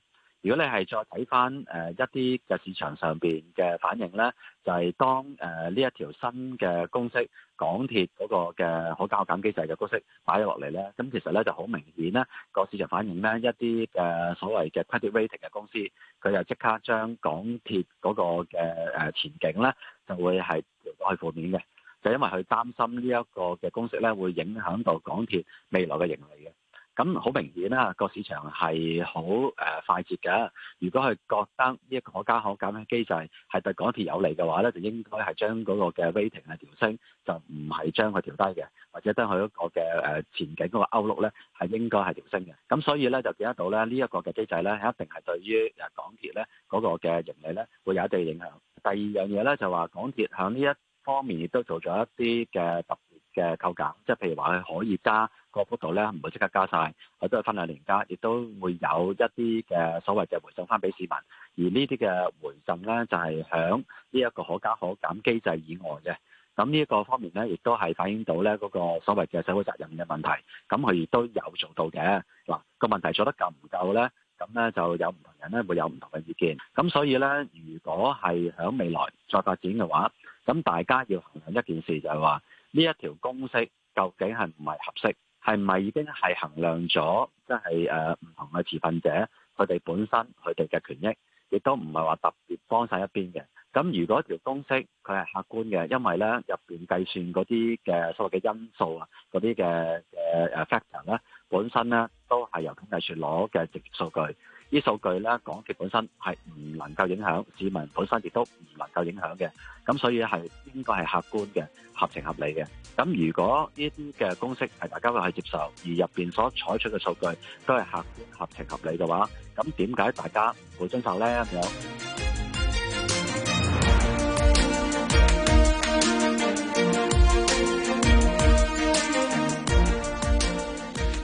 S17: 如果你係再睇翻誒一啲嘅市場上邊嘅反應咧，就係當誒呢一條新嘅公式，港鐵嗰個嘅可加可減機制嘅公式擺咗落嚟咧，咁其實咧就好明顯咧，個市場反應咧一啲誒所謂嘅 credit rating 嘅公司，佢就即刻將港鐵嗰個嘅誒前景咧就會係去負面嘅。就因為佢擔心呢一個嘅公式咧，會影響到港鐵未來嘅盈利嘅。咁好明顯啦，個市場係好誒快捷嘅。如果佢覺得呢一個國家可加可減嘅機制係對港鐵有利嘅話咧，就應該係將嗰個嘅 rating 係調升，就唔係將佢調低嘅，或者將佢一個嘅誒前景嗰個 outlook 咧係應該係調升嘅。咁所以咧就見得到咧呢一個嘅機制咧一定係對於誒港鐵咧嗰、那個嘅盈利咧會有一定影響。第二樣嘢咧就話港鐵響呢一方面亦都做咗一啲嘅特別嘅扣減，即係譬如話佢可以加個幅度咧，唔會即刻加晒，或者係分兩年加，亦都會有一啲嘅所謂嘅回贈翻俾市民。而呢啲嘅回贈咧，就係喺呢一個可加可減機制以外嘅。咁呢一個方面咧，亦都係反映到咧嗰個所謂嘅社會責任嘅問題。咁佢亦都有做到嘅。嗱，個問題做得夠唔夠咧？咁咧就有唔同人咧，會有唔同嘅意見。咁所以咧，如果係喺未來再發展嘅話，咁大家要衡量一件事就係話，呢一條公式究竟係唔係合適？係唔係已經係衡量咗，即係誒唔同嘅持份者佢哋本身佢哋嘅權益，亦都唔係話特別幫晒一邊嘅。咁如果條公式佢係客觀嘅，因為咧入邊計算嗰啲嘅所謂嘅因素啊，嗰啲嘅嘅誒 factor 咧。本身咧都係由統計處攞嘅直接數據，呢數據咧港鐵本身係唔能夠影響，市民本身亦都唔能夠影響嘅，咁所以係應該係客觀嘅、合情合理嘅。咁如果呢啲嘅公式係大家會去接受，而入邊所採取嘅數據都係客觀、合情合理嘅話，咁點解大家唔會遵守呢？咁樣。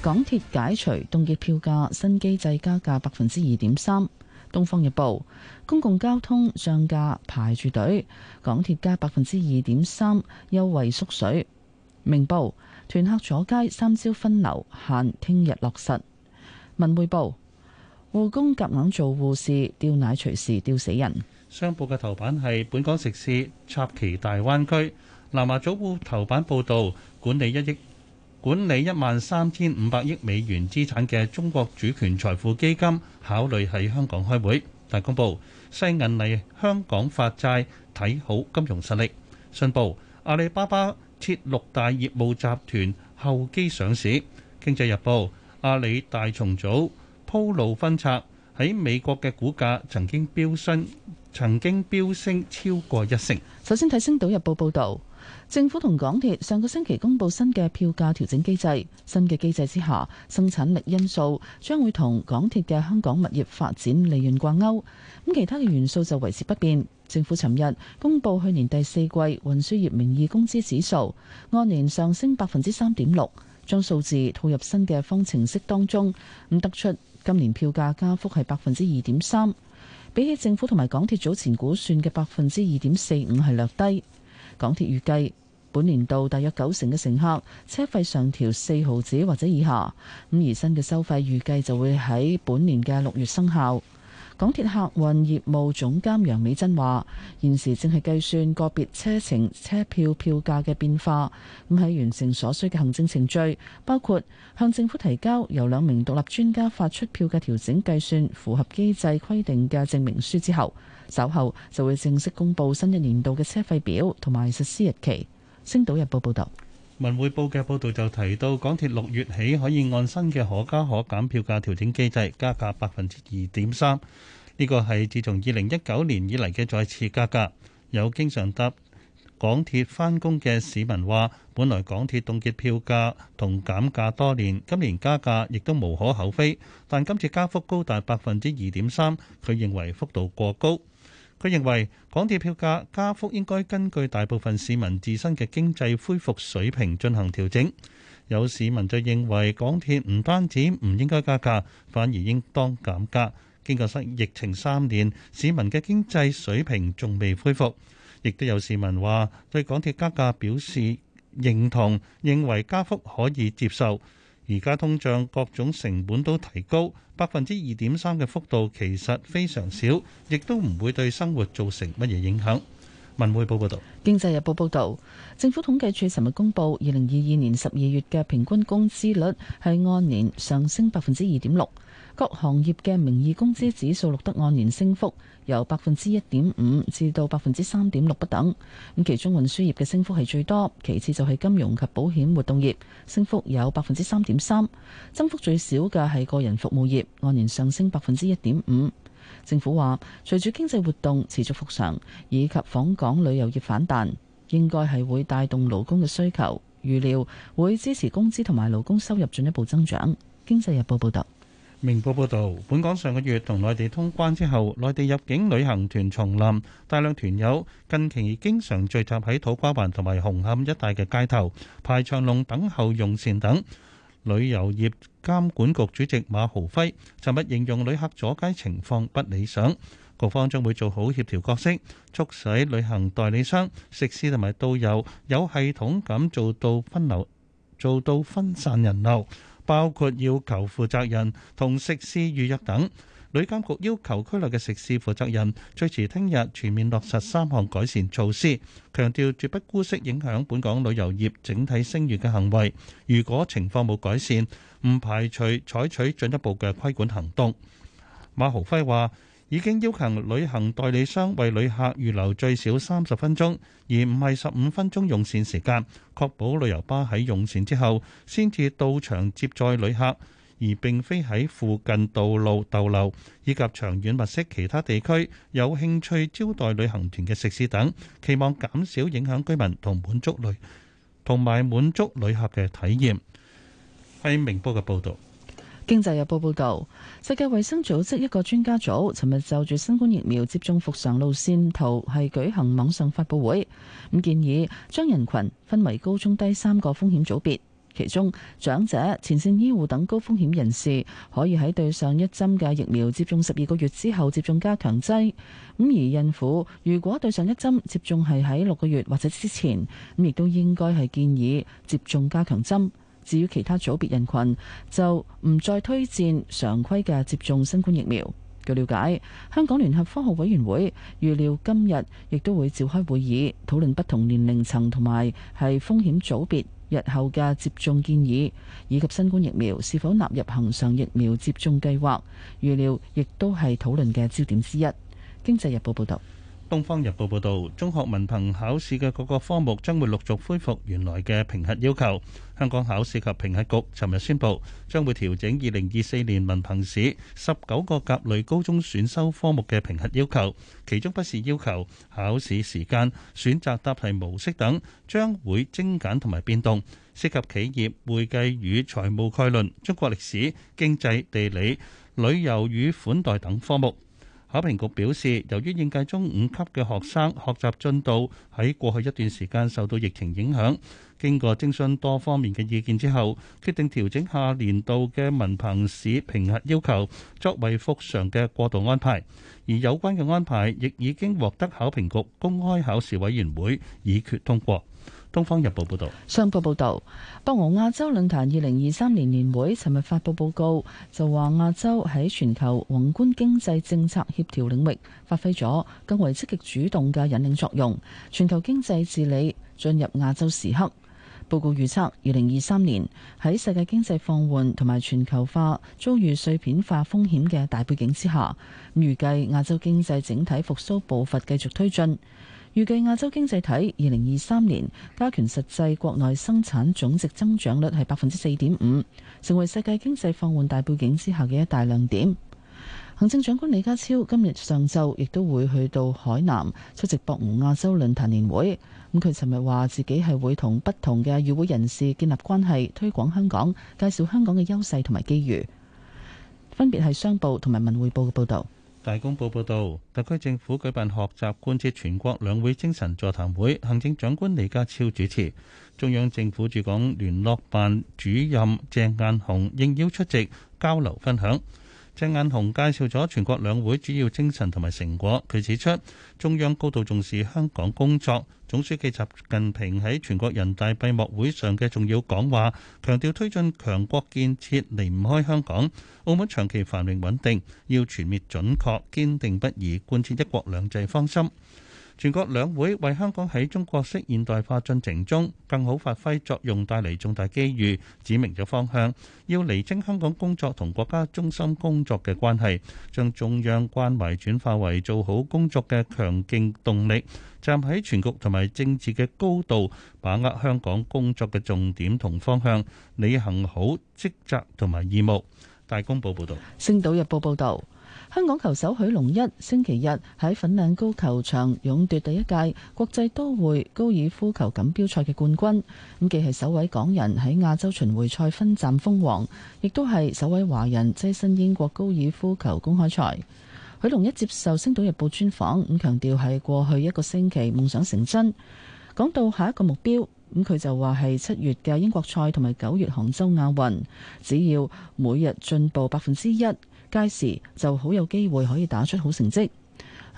S3: 港鐵解除凍結票價，新機制加價百分之二點三。東方日報：公共交通漲價排住隊，港鐵加百分之二點三，優惠縮水。明報：團客阻街，三招分流限聽日落實。文匯報：護工夾硬硬做護士，吊奶隨時吊死人。
S4: 商報嘅頭版係本港食肆插旗大灣區。南華早報頭版報道：管理一億。管理一萬三千五百億美元資產嘅中國主權財富基金考慮喺香港開會，大公報西銀利香港發債睇好金融實力。信報阿里巴巴設六大業務集團後機上市。經濟日報阿里大重組鋪路分拆喺美國嘅股價曾經飆升，曾經飆升超過一成。
S3: 首先睇《星島日報》報道。政府同港鐵上個星期公布新嘅票價調整機制，新嘅機制之下，生產力因素將會同港鐵嘅香港物業發展利潤掛鈎，咁其他嘅元素就維持不變。政府尋日公布去年第四季運輸業名義工資指數，按年上升百分之三點六，將數字套入新嘅方程式當中，咁得出今年票價加幅係百分之二點三，比起政府同埋港鐵早前估算嘅百分之二點四五係略低。港鐵預計本年度大約九成嘅乘客車費上調四毫紙或者以下，咁而新嘅收費預計就會喺本年嘅六月生效。港鐵客運業務總監楊美珍話，現時正係計算個別車程車票票價嘅變化，咁喺完成所需嘅行政程序，包括向政府提交由兩名獨立專家發出票價調整計算符合機制規定嘅證明書之後。稍後就會正式公布新一年度嘅車費表同埋實施日期。星島日報報道，
S4: 文匯報嘅報導就提到，港鐵六月起可以按新嘅可加可減票價調整機制加價百分之二點三，呢個係自從二零一九年以嚟嘅再次加價。有經常搭港鐵返工嘅市民話，本來港鐵凍結票價同減價多年，今年加價亦都無可厚非，但今次加幅高達百分之二點三，佢認為幅度過高。佢認為港鐵票價加幅應該根據大部分市民自身嘅經濟恢復水平進行調整。有市民就認為港鐵唔單止唔應該加價，反而應當減價。經過咗疫情三年，市民嘅經濟水平仲未恢復。亦都有市民話對港鐵加價表示認同，認為加幅可以接受。而家通脹各種成本都提高，百分之二點三嘅幅度其實非常少，亦都唔會對生活造成乜嘢影響。文匯報報道：
S3: 《經濟日報》報道，政府統計處尋日公布，二零二二年十二月嘅平均工資率係按年上升百分之二點六。各行業嘅名義工資指數錄得按年升幅，由百分之一點五至到百分之三點六不等。咁其中運輸業嘅升幅係最多，其次就係金融及保險活動業升幅有百分之三點三，增幅最少嘅係個人服務業，按年上升百分之一點五。政府話，隨住經濟活動持續復常，以及訪港旅遊業反彈，應該係會帶動勞工嘅需求，預料會支持工資同埋勞工收入進一步增長。經濟日報報道。
S4: 明報報導，本港上個月同內地通關之後，內地入境旅行團重臨，大量團友近期經常聚集喺土瓜灣同埋紅磡一帶嘅街頭排長龍等候用膳等。旅遊業監管局主席馬豪輝尋日形容旅客阻街情況不理想，局方將會做好協調角色，促使旅行代理商、食肆同埋導遊有系統咁做到分流，做到分散人流。包括要求負責人同食肆預約等，旅監局要求區內嘅食肆負責人最遲聽日全面落實三項改善措施，強調絕不姑息影響本港旅遊業整體聲譽嘅行為，如果情況冇改善，唔排除採取進一步嘅規管行動，馬豪輝話，已經要求旅行代理商為旅客預留最少三十分鐘，而唔係十五分鐘用膳時間，確保旅遊巴喺用膳之後先至到場接載旅客，而並非喺附近道路逗留，以及長遠物色其他地區有興趣招待旅行團嘅食肆等，期望減少影響居民同滿足旅同埋滿足旅客嘅體驗。喺明報嘅報導。
S3: 經濟日報報導，世界衛生組織一個專家組尋日就住新冠疫苗接種復常路線圖係舉行網上發布會，咁建議將人群分為高中低三個風險組別，其中長者、前線醫護等高風險人士可以喺對上一針嘅疫苗接種十二個月之後接種加強劑，咁而孕婦如果對上一針接種係喺六個月或者之前，咁亦都應該係建議接種加強針。至於其他組別人群，就唔再推薦常規嘅接種新冠疫苗。據了解，香港聯合科學委員會預料今日亦都會召開會議，討論不同年齡層同埋係風險組別日後嘅接種建議，以及新冠疫苗是否納入恒常疫苗接種計劃。預料亦都係討論嘅焦點之一。經濟日報報道。
S4: 東方日報報道中學文憑考試嘅各個科目將會陸續恢復原來嘅評核要求香港考試及評核局尋日宣布將會調整2024年文憑試19考評局表示，由於應屆中五級嘅學生學習進度喺過去一段時間受到疫情影響，經過徵詢多方面嘅意見之後，決定調整下年度嘅文憑試評核要求，作為復常嘅過渡安排。而有關嘅安排亦已經獲得考評局公開考試委員會議決通過。東方日報報道，
S3: 商報報道，博鰲亞洲論壇二零二三年年會尋日發佈報告，就話亞洲喺全球宏觀經濟政策協調領域發揮咗更為積極主動嘅引領作用，全球經濟治理進入亞洲時刻。報告預測，二零二三年喺世界經濟放緩同埋全球化遭遇碎片化風險嘅大背景之下，預計亞洲經濟整體復甦步伐繼續推進。預計亞洲經濟體二零二三年加權實際國內生產總值增長率係百分之四點五，成為世界經濟放緩大背景之下嘅一大亮點。行政長官李家超今日上晝亦都會去到海南出席博鰲亞洲論壇年會。咁佢尋日話自己係會同不同嘅與會人士建立關係，推廣香港，介紹香港嘅優勢同埋機遇。分別係商報同埋文匯報嘅報道。
S4: 大公報報導，特區政府舉辦學習貫徹全國兩會精神座談會，行政長官李家超主持，中央政府駐港聯絡辦主任鄭雁雄應邀出席交流分享。鄭雁雄介紹咗全國兩會主要精神同埋成果。佢指出，中央高度重視香港工作。總書記習近平喺全國人大閉幕會上嘅重要講話，強調推進強國建設離唔開香港、澳門長期繁榮穩定，要全面準確、堅定不移貫徹一國兩制方針。全國兩會為香港喺中國式現代化進程中更好發揮作用帶嚟重大機遇，指明咗方向。要釐清香港工作同國家中心工作嘅關係，將中央關懷轉化為做好工作嘅強勁動力。站喺全局同埋政治嘅高度，把握香港工作嘅重點同方向，履行好職責同埋義務。大公報報導，
S3: 《星島日報》報導。香港球手許龍一星期日喺粉嶺高球場勇奪第一屆國際都會高爾夫球錦標賽嘅冠軍，咁既係首位港人喺亞洲巡迴賽分站封王，亦都係首位華人躋身英國高爾夫球公開賽。許龍一接受《星島日報》專訪，咁強調喺過去一個星期夢想成真。講到下一個目標，咁佢就話係七月嘅英國賽同埋九月杭州亞運，只要每日進步百分之一，屆時就好有機會可以打出好成績。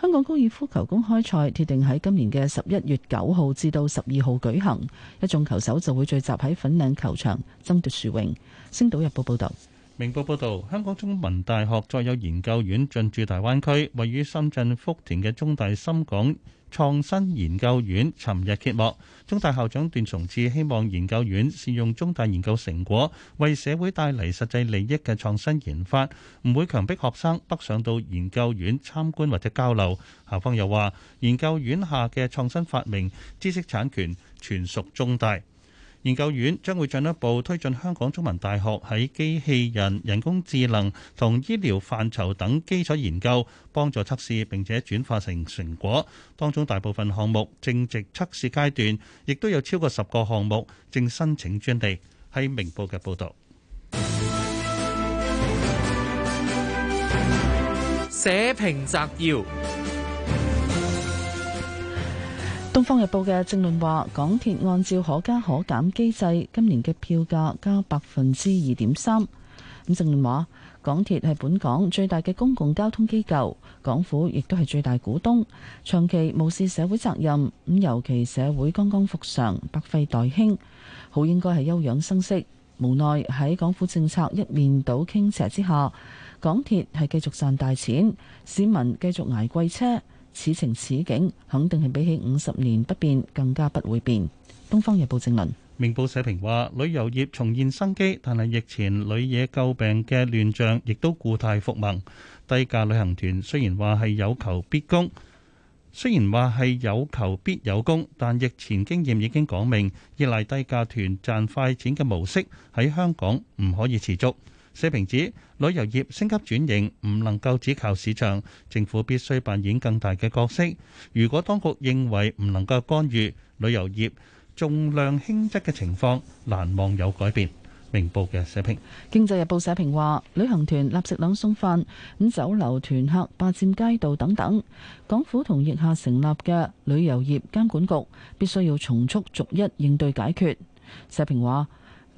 S3: 香港高爾夫球公開賽決定喺今年嘅十一月九號至到十二號舉行，一眾球手就會聚集喺粉嶺球場爭奪殊榮。星島日報報道：
S4: 「明報報道，香港中文大學再有研究院進駐大灣區，位於深圳福田嘅中大深港創新研究院尋日揭幕，中大校長段崇智希望研究院善用中大研究成果，為社會帶嚟實際利益嘅創新研發，唔會強迫學生北上到研究院參觀或者交流。校方又話，研究院下嘅創新發明、知識產權全屬中大。研究院將會進一步推進香港中文大學喺機器人、人工智能同醫療範疇等基礎研究，幫助測試並且轉化成成果。當中大部分項目正值測試階段，亦都有超過十個項目正申請專利。喺明報嘅報導，
S8: 社評摘要。
S3: 《東方日報》嘅正論話，港鐵按照可加可減機制，今年嘅票價加百分之二點三。咁正論話，港鐵係本港最大嘅公共交通機構，港府亦都係最大股東，長期無視社會責任。咁尤其社會剛剛復常，百廢待興，好應該係休養生息。無奈喺港府政策一面倒傾斜之下，港鐵係繼續賺大錢，市民繼續捱貴車。此情此景，肯定係比起五十年不變更加不會變。《東方日報》正論，
S4: 《明報》社評話：旅遊業重現生機，但係疫前旅業詬病嘅亂象，亦都故態復萌。低價旅行團雖然話係有求必供，雖然話係有求必有供，但疫前經驗已經講明，依賴低價團賺快錢嘅模式喺香港唔可以持續。社評指旅遊業升級轉型唔能夠只靠市場，政府必須扮演更大嘅角色。如果當局認為唔能夠干預旅遊業重量輕質嘅情況，難望有改變。明報嘅社評，
S3: 《經濟日報》社評話，旅行團立食冷餸飯，咁酒樓團客霸佔街道等等，港府同腋下成立嘅旅遊業監管局必須要從速逐一應對解決。社評話。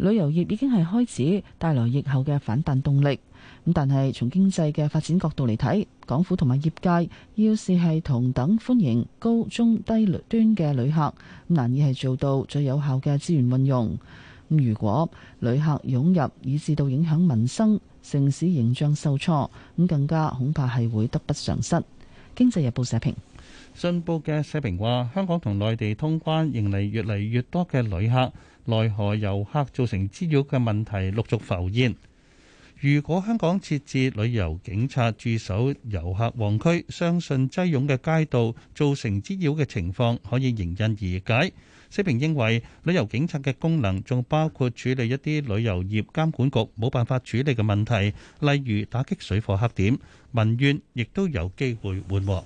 S3: 旅遊業已經係開始帶來疫後嘅反彈動力，咁但係從經濟嘅發展角度嚟睇，港府同埋業界要是係同等歡迎高中低端嘅旅客，咁難以係做到最有效嘅資源運用。如果旅客湧入，以致到影響民生、城市形象受挫，咁更加恐怕係會得不償失。經濟日報社評。
S4: 信報嘅社評話，香港同內地通關，迎嚟越嚟越多嘅旅客，奈何遊客造成滋擾嘅問題陸續浮現。如果香港設置旅遊警察駐守遊客旺區，相信擠擁嘅街道造成滋擾嘅情況可以迎刃而解。施平認為，旅遊警察嘅功能仲包括處理一啲旅遊業監管局冇辦法處理嘅問題，例如打擊水貨黑點、民怨，亦都有機會緩和。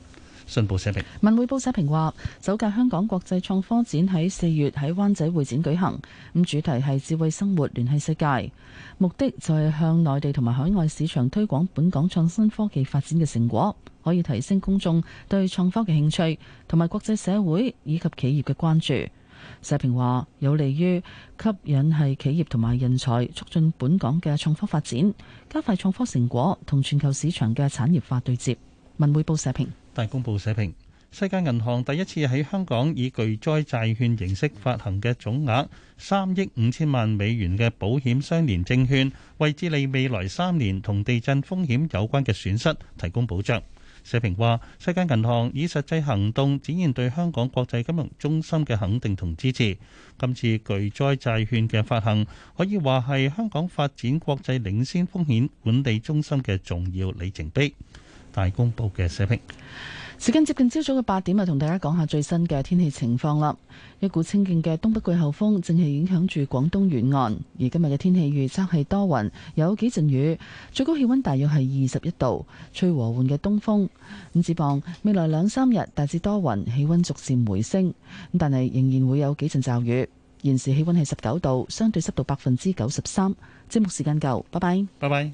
S4: 信報社評。
S3: 文匯報社評話，首屆香港國際創科展喺四月喺灣仔會展舉行，咁主題係智慧生活聯繫世界，目的就係向內地同埋海外市場推廣本港創新科技發展嘅成果，可以提升公眾對創科嘅興趣，同埋國際社會以及企業嘅關注。社評話有利於吸引係企業同埋人才，促進本港嘅創科發展，加快創科成果同全球市場嘅產業化對接。文匯報社評。
S4: 大公報社評，世界銀行第一次喺香港以巨災債券形式發行嘅總額三億五千萬美元嘅保險相連證券，為治理未來三年同地震風險有關嘅損失提供保障。社評話世界銀行以實際行動展現對香港國際金融中心嘅肯定同支持。今次巨災債券嘅發行可以話，係香港發展國際領先風險管理中心嘅重要里程碑。大公報嘅社評。
S3: 時間接近朝早嘅八點，啊，同大家講下最新嘅天氣情況啦。一股清勁嘅東北季候風正係影響住廣東沿岸，而今日嘅天氣預測係多雲，有幾陣雨，最高氣溫大約係二十一度，吹和緩嘅東風。五子棒未來兩三日大致多雲，氣溫逐漸回升，咁但係仍然會有幾陣驟雨。現時氣溫係十九度，相對濕度百
S2: 分之九十三。節目時間夠，拜拜，
S4: 拜拜。